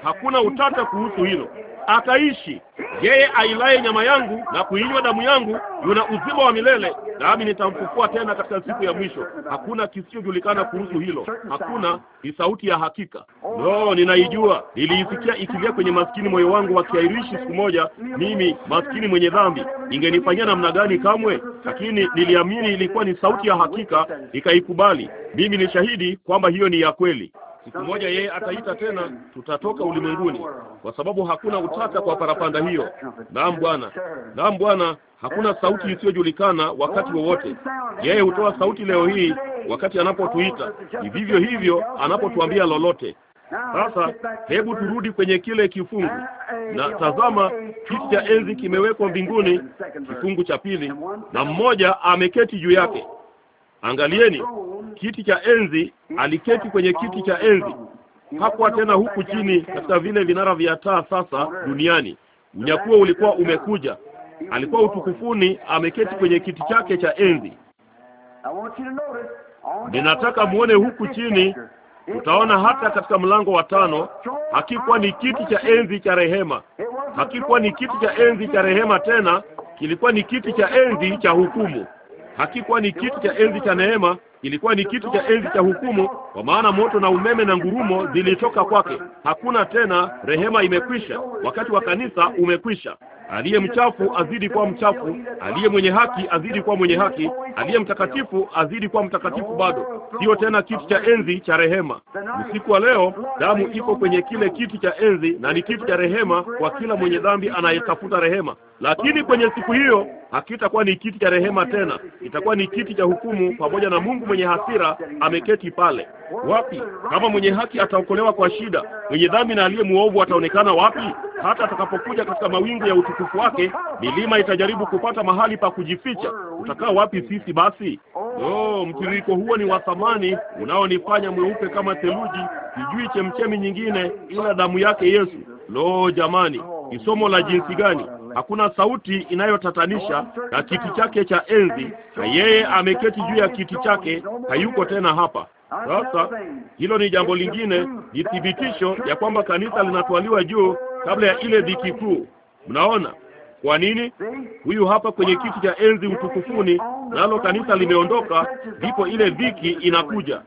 Hakuna utata kuhusu hilo ataishi. Yeye ailaye nyama yangu na kuinywa damu yangu yuna uzima wa milele, nami nitamfufua tena katika siku ya mwisho. Hakuna kisichojulikana kuhusu hilo, hakuna ni sauti ya hakika. No, ninaijua, niliisikia ikilia kwenye maskini moyo wangu wakiairishi siku moja, mimi maskini mwenye dhambi, ingenifanyia namna gani? Kamwe. Lakini niliamini ilikuwa ni sauti ya hakika, nikaikubali. Mimi ni shahidi kwamba hiyo ni ya kweli. Siku moja yeye ataita tena, tutatoka ulimwenguni, kwa sababu hakuna utata kwa parapanda hiyo. Naam Bwana, naam Bwana, hakuna sauti isiyojulikana wakati wowote. Yeye hutoa sauti leo hii wakati anapotuita, ni vivyo hivyo anapotuambia lolote. Sasa hebu turudi kwenye kile kifungu, na tazama, kiti cha enzi kimewekwa mbinguni, kifungu cha pili, na mmoja ameketi juu yake Angalieni, kiti cha enzi, aliketi kwenye kiti cha enzi. Hakuwa tena huku chini katika vile vinara vya taa sasa duniani. Unyakuo ulikuwa umekuja, alikuwa utukufuni, ameketi kwenye kiti chake cha enzi. Ninataka muone huku chini, utaona hata katika mlango wa tano, hakikuwa ni kiti cha enzi cha rehema, hakikuwa ni kiti cha enzi cha rehema tena, kilikuwa ni kiti cha enzi cha hukumu hakikuwa ni kitu cha enzi cha neema, ilikuwa ni kitu cha enzi cha hukumu, kwa maana moto na umeme na ngurumo zilitoka kwake. Hakuna tena rehema, imekwisha. Wakati wa kanisa umekwisha. Aliye mchafu azidi kuwa mchafu, aliye mwenye haki azidi kuwa mwenye haki, aliye mtakatifu azidi kuwa mtakatifu. Bado sio tena kitu cha enzi cha rehema. Usiku wa leo damu iko kwenye kile kiti cha enzi, na ni kitu cha rehema kwa kila mwenye dhambi anayetafuta rehema, lakini kwenye siku hiyo hakitakuwa ni kiti cha rehema tena, itakuwa ni kiti cha hukumu pamoja na Mungu mwenye hasira ameketi pale. Wapi? Kama mwenye haki ataokolewa kwa shida, mwenye dhambi na aliye mwovu ataonekana wapi? Hata atakapokuja katika mawingu ya utukufu wake, milima itajaribu kupata mahali pa kujificha. utakaa wapi sisi basi? Oh, mtiririko huo ni wa thamani unaonifanya mweupe kama theluji, sijui chemchemi nyingine ila damu yake Yesu. Lo, jamani, ni somo la jinsi gani! hakuna sauti inayotatanisha na kiti chake cha enzi, na yeye ameketi juu ya kiti chake, hayuko tena hapa. Sasa hilo ni jambo lingine, ni thibitisho ya kwamba kanisa linatwaliwa juu kabla ya ile dhiki kuu. Mnaona kwa nini? Huyu hapa kwenye kiti cha enzi utukufuni, nalo kanisa limeondoka, ndipo ile dhiki inakuja.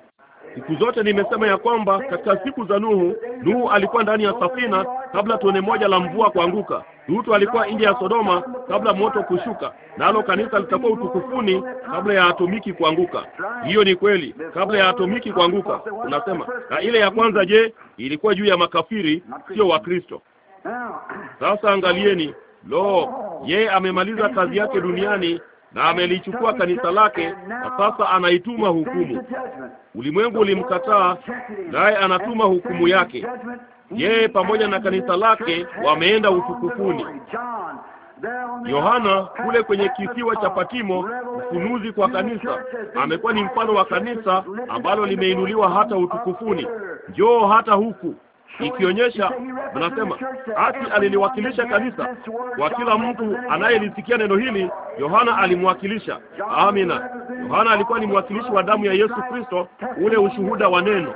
Siku zote nimesema ya kwamba katika siku za Nuhu, Nuhu alikuwa ndani ya safina kabla tone moja la mvua kuanguka. Lutu alikuwa nje ya Sodoma kabla moto kushuka, nalo kanisa litakuwa utukufuni kabla ya atomiki kuanguka. Hiyo ni kweli, kabla ya atomiki kuanguka. Unasema, na ile ya kwanza, je, ilikuwa juu ya makafiri, sio Wakristo? Sasa angalieni, lo, yeye amemaliza kazi yake duniani na amelichukua kanisa lake, na sasa anaituma hukumu. Ulimwengu ulimkataa, naye anatuma hukumu yake. Yeye pamoja na kanisa lake wameenda utukufuni. Yohana kule kwenye kisiwa cha Patimo, ufunuzi kwa kanisa, amekuwa ni mfano wa kanisa ambalo limeinuliwa hata utukufuni. Njoo hata huku ikionyesha, anasema ati aliliwakilisha kanisa. Kwa kila mtu anayelisikia neno hili, Yohana alimwakilisha. Amina. Yohana alikuwa ni mwakilishi wa damu ya Yesu Kristo, ule ushuhuda wa neno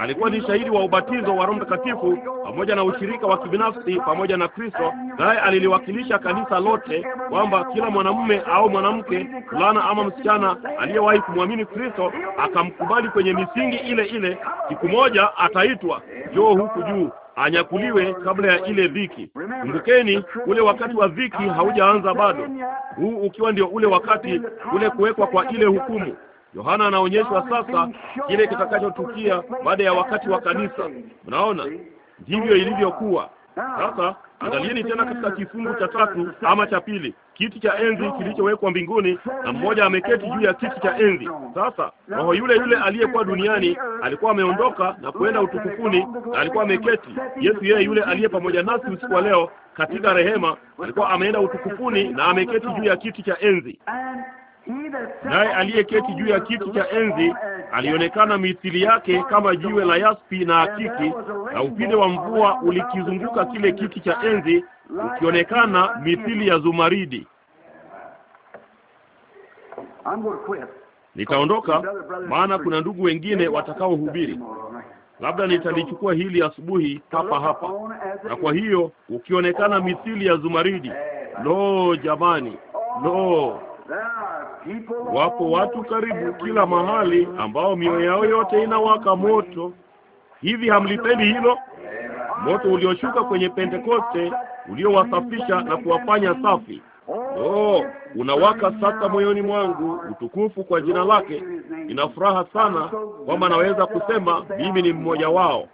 alikuwa ni shahidi wa ubatizo wa Roho Mtakatifu pamoja na ushirika wa kibinafsi pamoja na Kristo, naye aliliwakilisha kanisa lote, kwamba kila mwanamume au mwanamke, fulana ama msichana aliyewahi kumwamini Kristo akamkubali kwenye misingi ile ile, siku moja ataitwa joo huku juu anyakuliwe kabla ya ile dhiki. Kumbukeni, ule wakati wa dhiki haujaanza bado, huu ukiwa ndio ule wakati ule kuwekwa kwa ile hukumu. Yohana anaonyeshwa sasa kile kitakachotukia baada ya wakati wa kanisa. Mnaona, ndivyo ilivyokuwa. Sasa angalieni tena katika kifungu cha tatu ama cha pili, kiti cha enzi kilichowekwa mbinguni, na mmoja ameketi juu ya kiti cha enzi. Sasa roho yule yule aliyekuwa duniani alikuwa ameondoka na kuenda utukufuni, na alikuwa ameketi. Yesu yeye yule aliye pamoja nasi usiku wa leo katika rehema, alikuwa ameenda utukufuni na ameketi juu ya kiti cha enzi naye aliyeketi juu ya kiti cha enzi alionekana mithili yake kama jiwe la yaspi na akiki, na upinde wa mvua ulikizunguka kile kiti cha enzi ukionekana mithili ya zumaridi. Nitaondoka maana kuna ndugu wengine watakaohubiri. Labda nitalichukua hili asubuhi hapa hapa. Na kwa hiyo ukionekana oh, mithili ya zumaridi, lo jamani, lo oh wapo watu karibu kila mahali ambao mioyo yao yote inawaka moto. Hivi hamlipendi hilo? Moto ulioshuka kwenye Pentekoste uliowasafisha na kuwafanya safi. Oh, unawaka sasa moyoni mwangu. Utukufu kwa jina lake. Nina furaha sana kwamba naweza kusema mimi ni mmoja wao.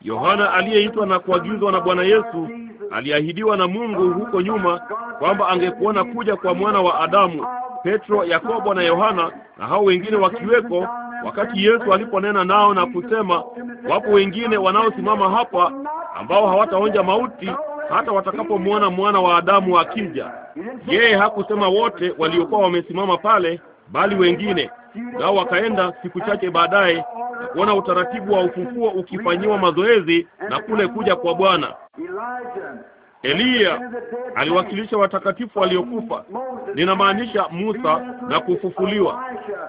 Yohana aliyeitwa na kuagizwa na Bwana Yesu aliahidiwa na Mungu huko nyuma kwamba angekuona kuja kwa mwana wa Adamu. Petro, Yakobo na Yohana na hao wengine wakiweko, wakati Yesu aliponena nao na kusema, wapo wengine wanaosimama hapa ambao hawataonja mauti hata watakapomwona mwana wa Adamu akija. Yeye hakusema wote waliokuwa wamesimama pale, bali wengine nao wakaenda siku chache baadaye na kuona utaratibu wa ufufuo ukifanyiwa mazoezi na kule kuja kwa Bwana. Eliya aliwakilisha watakatifu waliokufa, ninamaanisha Musa na kufufuliwa.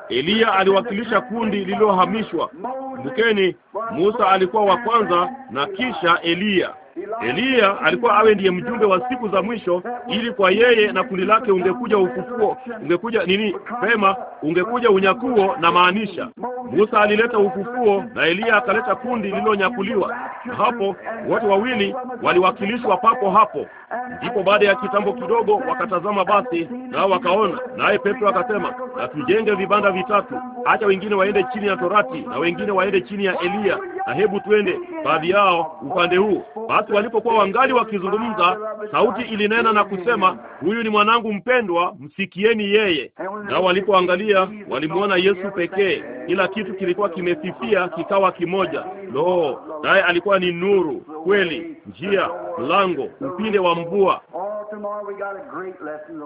Eliya aliwakilisha kundi lililohamishwa. Kumbukeni, Musa alikuwa wa kwanza na kisha Eliya. Eliya alikuwa awe ndiye mjumbe wa siku za mwisho, ili kwa yeye na kundi lake ungekuja ufufuo, ungekuja nini, pema, ungekuja unyakuo. Na maanisha Musa alileta ufufuo na Eliya akaleta kundi lililonyakuliwa, na hapo wote wawili waliwakilishwa papo hapo. Ndipo baada ya kitambo kidogo wakatazama basi, nao wakaona. Naye Petro akasema, na tujenge vibanda vitatu, acha wengine waende chini ya Torati na wengine waende chini ya Eliya, na hebu tuende baadhi yao upande huo basi wakati walipokuwa wangali wakizungumza, sauti ilinena na kusema, huyu ni mwanangu mpendwa, msikieni yeye. Na walipoangalia walimwona Yesu pekee. Kila kitu kilikuwa kimefifia kikawa kimoja. Lo, naye alikuwa ni nuru, kweli, njia, mlango, upinde wa mvua.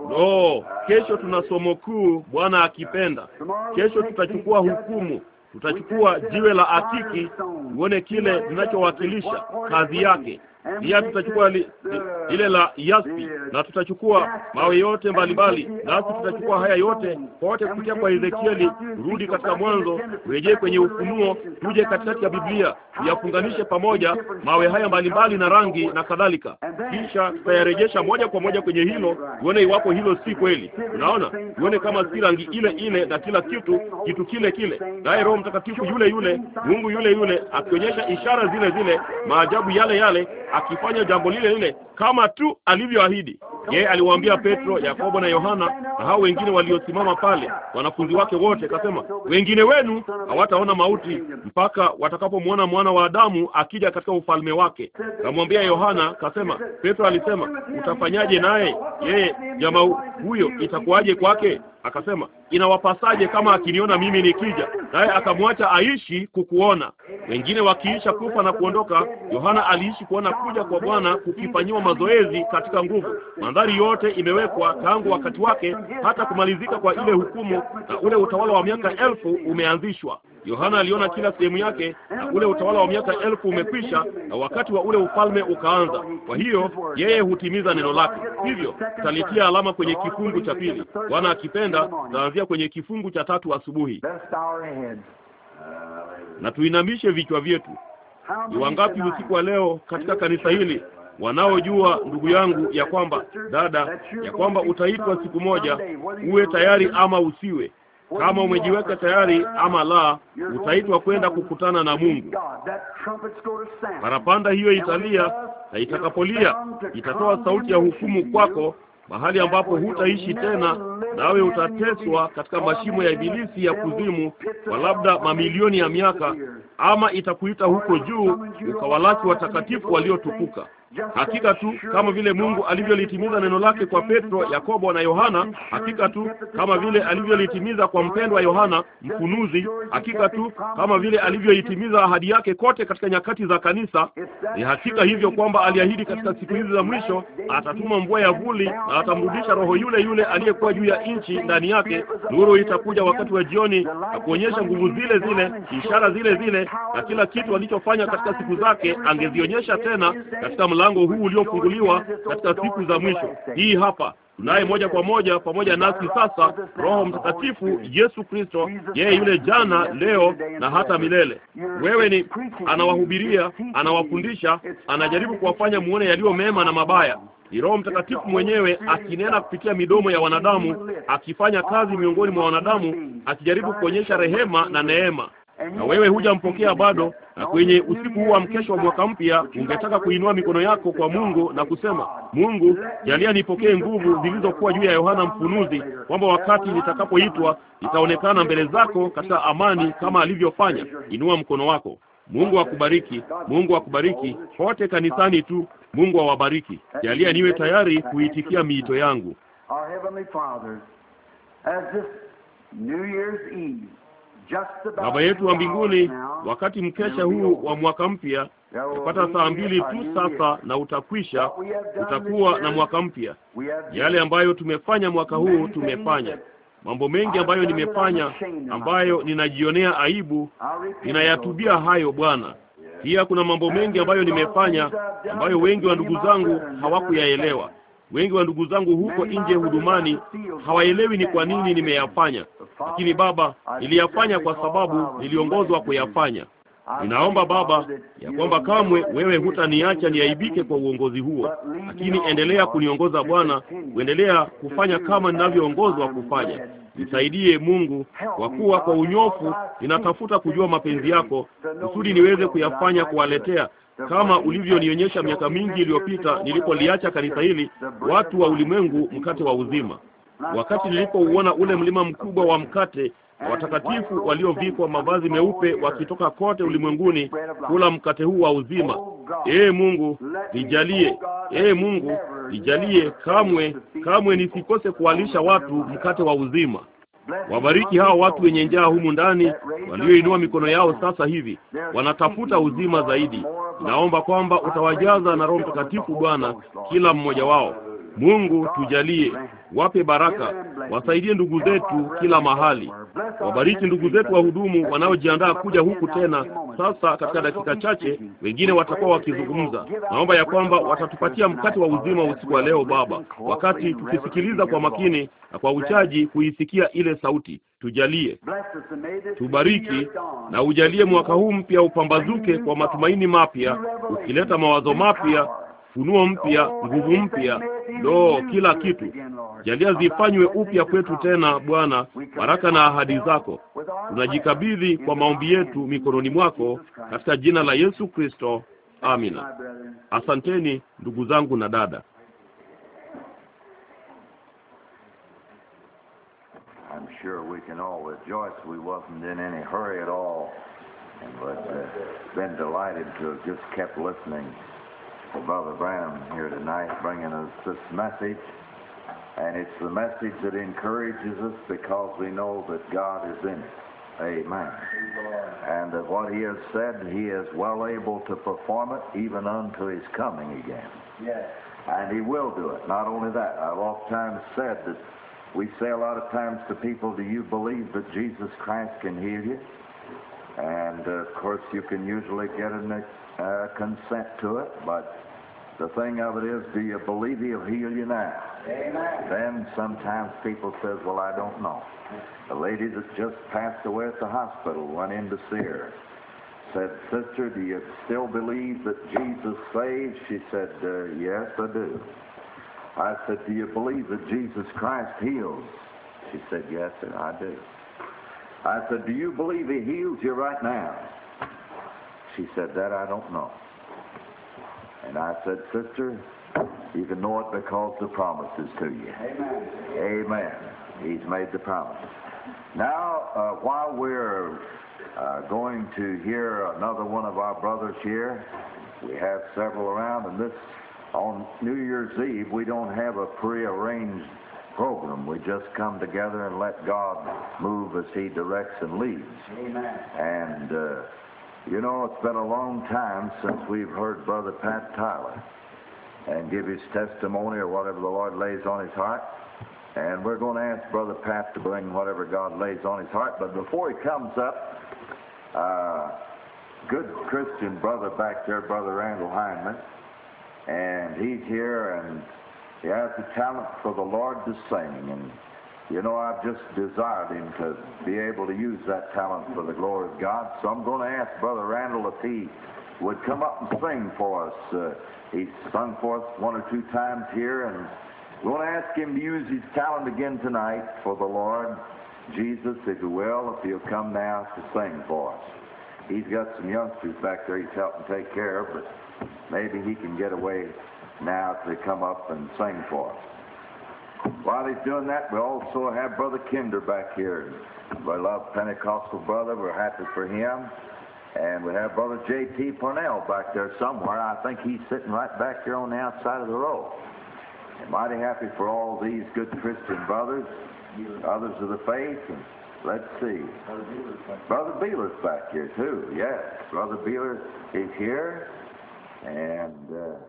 Lo, kesho tuna somo kuu, Bwana akipenda. Kesho tutachukua hukumu tutachukua jiwe la atiki tuone kile linachowakilisha kazi yake ya tutachukua ile la yaspi na tutachukua mawe yote mbalimbali, nasi tutachukua haya yote pote kupitia kwa Ezekieli, rudi katika Mwanzo, urejee kwenye Ufunuo, tuje katikati ya Biblia, yafunganishe pamoja mawe haya mbalimbali na rangi na kadhalika, kisha tutayarejesha moja kwa moja kwenye hilo, uone iwapo hilo si kweli. Unaona, uone kama si rangi ile ile na kila kitu kitu kile kile, naye Roho Mtakatifu yule yule, Mungu yule yule, akionyesha ishara zile zile, maajabu yale yale akifanya jambo lile lile kama tu alivyoahidi. Yeye aliwaambia Petro, Yakobo na Yohana na hao wengine waliosimama pale, wanafunzi wake wote, akasema, wengine wenu hawataona mauti mpaka watakapomwona mwana wa Adamu akija katika ufalme wake. Kamwambia Yohana, kasema, Petro alisema, utafanyaje naye? Yeye jamaa huyo itakuwaje kwake? Akasema, inawapasaje kama akiniona mimi nikija? Naye akamwacha aishi kukuona. Wengine wakiisha kufa na kuondoka, Yohana aliishi kuona kuja kwa Bwana kukifanyiwa mazoezi katika nguvu. Mandhari yote imewekwa tangu wakati wake hata kumalizika kwa ile hukumu, na ule utawala wa miaka elfu umeanzishwa. Yohana aliona kila sehemu yake, na ule utawala wa miaka elfu umekwisha, na wakati wa ule ufalme ukaanza. Kwa hiyo yeye hutimiza neno lake. Hivyo talitia alama kwenye kifungu cha pili, Bwana akipenda, taanzia kwenye kifungu cha tatu asubuhi, na tuinamishe vichwa vyetu. Ni wangapi usiku wa leo katika kanisa hili wanaojua ndugu yangu, ya kwamba dada, ya kwamba utaitwa siku moja, uwe tayari ama usiwe kama umejiweka tayari ama la, utaitwa kwenda kukutana na Mungu. Parapanda hiyo italia, na itakapolia itatoa sauti ya hukumu kwako, mahali ambapo hutaishi tena, nawe utateswa katika mashimo ya ibilisi ya kuzimu kwa labda mamilioni ya miaka, ama itakuita huko juu, ukawalaki watakatifu waliotukuka. Hakika tu kama vile Mungu alivyolitimiza neno lake kwa Petro, Yakobo na Yohana, hakika tu kama vile alivyolitimiza kwa mpendwa Yohana mfunuzi, hakika tu kama vile alivyoitimiza ahadi yake kote katika nyakati za kanisa, ni hakika hivyo kwamba aliahidi katika siku hizi za mwisho atatuma mvua ya vuli na atamrudisha roho yule yule aliyekuwa juu ya nchi ndani yake. Nuru itakuja wakati wa jioni na kuonyesha nguvu zile zile, ishara zile zile, na kila kitu alichofanya katika siku zake angezionyesha tena katika mlango huu uliofunguliwa katika siku za mwisho. Hii hapa tunaye moja kwa moja pamoja nasi sasa, Roho Mtakatifu, Yesu Kristo, yeye yule jana, leo na hata milele. Wewe ni anawahubiria, anawafundisha, anajaribu kuwafanya muone yaliyo mema na mabaya. Ni Roho Mtakatifu mwenyewe akinena kupitia midomo ya wanadamu, akifanya kazi miongoni mwa wanadamu, akijaribu kuonyesha rehema na neema na wewe hujampokea bado, na kwenye usiku huu wa mkesho wa mwaka mpya ungetaka kuinua mikono yako kwa Mungu na kusema, Mungu, jalia nipokee nguvu zilizokuwa juu ya Yohana Mfunuzi, kwamba wakati nitakapoitwa nitaonekana mbele zako katika amani kama alivyofanya. Inua mkono wako. Mungu akubariki. Mungu akubariki pote kanisani tu. Mungu awabariki. Jalia niwe tayari kuitikia miito yangu. Baba yetu wa mbinguni, wakati mkesha huu wa mwaka mpya tupata saa mbili tu sasa, na utakwisha. Utakuwa na mwaka mpya. Yale ambayo tumefanya mwaka huu, tumefanya mambo mengi ambayo nimefanya, ambayo ninajionea aibu, ninayatubia hayo Bwana. Pia kuna mambo mengi ambayo nimefanya, ambayo wengi wa ndugu zangu hawakuyaelewa Wengi wa ndugu zangu huko nje hudumani hawaelewi ni kwa nini nimeyafanya, lakini Baba, niliyafanya kwa sababu niliongozwa kuyafanya. Ninaomba Baba ya kwamba kamwe wewe hutaniacha niaibike kwa uongozi huo, lakini endelea kuniongoza Bwana, kuendelea kufanya kama ninavyoongozwa kufanya. Nisaidie Mungu, kwa kuwa kwa unyofu ninatafuta kujua mapenzi yako, kusudi niweze kuyafanya kuwaletea kama ulivyonionyesha miaka mingi iliyopita nilipoliacha kanisa hili, watu wa ulimwengu, mkate wa uzima. Wakati nilipouona ule mlima mkubwa wa mkate, watakatifu waliovikwa mavazi meupe wakitoka kote ulimwenguni kula mkate huu wa uzima. Ee Mungu nijalie, ee Mungu nijalie, kamwe kamwe nisikose kuwalisha watu mkate wa uzima. Wabariki hao watu wenye njaa humu ndani, walioinua mikono yao sasa hivi, wanatafuta uzima zaidi. Naomba kwamba utawajaza na Roho Mtakatifu, Bwana, kila mmoja wao. Mungu tujalie wape baraka, wasaidie ndugu zetu kila mahali, wabariki ndugu zetu wahudumu wanaojiandaa kuja huku tena. Sasa katika dakika chache wengine watakuwa wakizungumza. Naomba ya kwamba watatupatia mkate wa uzima usiku wa leo, Baba, wakati tukisikiliza kwa makini na kwa uchaji kuisikia ile sauti. Tujalie, tubariki na ujalie mwaka huu mpya upambazuke kwa matumaini mapya, ukileta mawazo mapya funuo mpya, nguvu mpya, loo, kila kitu. Jalia zifanywe upya kwetu tena, Bwana, baraka na ahadi zako. Tunajikabidhi kwa maombi yetu mikononi mwako, katika jina la Yesu Kristo, amina. Asanteni ndugu zangu na dada. Brother Branham here tonight bringing us this message. And it's the message that encourages us because we know that God is in it. Amen. And that what he has said, he is well able to perform it even unto his coming again. Yes. And he will do it. Not only that, I've oftentimes said that we say a lot of times to people, do you believe that Jesus Christ can heal you? And of course, you can usually get a uh, consent to it, but the thing of it is, do you believe he'll heal you now? Amen. Then sometimes people says, well, I don't know. A lady that just passed away at the hospital went in to see her. Said, sister, do you still believe that Jesus saves? She said, uh, yes, I do. I said, do you believe that Jesus Christ heals? She said, yes, and I do. I said, do you believe he heals you right now? She said, that I don't know. And I said, sister, you can know it because the promise is to you. Amen. Amen. He's made the promise. Now, uh, while we're uh, going to hear another one of our brothers here, we have several around, and this on New Year's Eve, we don't have a prearranged program. We just come together and let God move as He directs and leads. Amen. And, uh, you know, it's been a long time since we've heard Brother Pat Tyler and give his testimony or whatever the Lord lays on his heart. And we're going to ask Brother Pat to bring whatever God lays on his heart. But before he comes up, uh, good Christian brother back there, Brother Randall Hindman, and he's here and he has the talent for the Lord to sing. And, you know, I've just desired him to be able to use that talent for the glory of God. So I'm going to ask Brother Randall if he would come up and sing for us. Uh, he's sung for us one or two times here, and we want to ask him to use his talent again tonight for the Lord Jesus, if you will, if he'll come now to sing for us. He's got some youngsters back there he's helping take care of, but maybe he can get away now to come up and sing for us. While he's doing that, we also have Brother Kinder back here. We love Pentecostal brother. We're happy for him. And we have Brother J.T. Parnell back there somewhere. I think he's sitting right back here on the outside of the row. And mighty happy for all these good Christian brothers, others of the faith. And let's see. Brother Beeler's back here, too. Yes, Brother Beeler is here. And... Uh,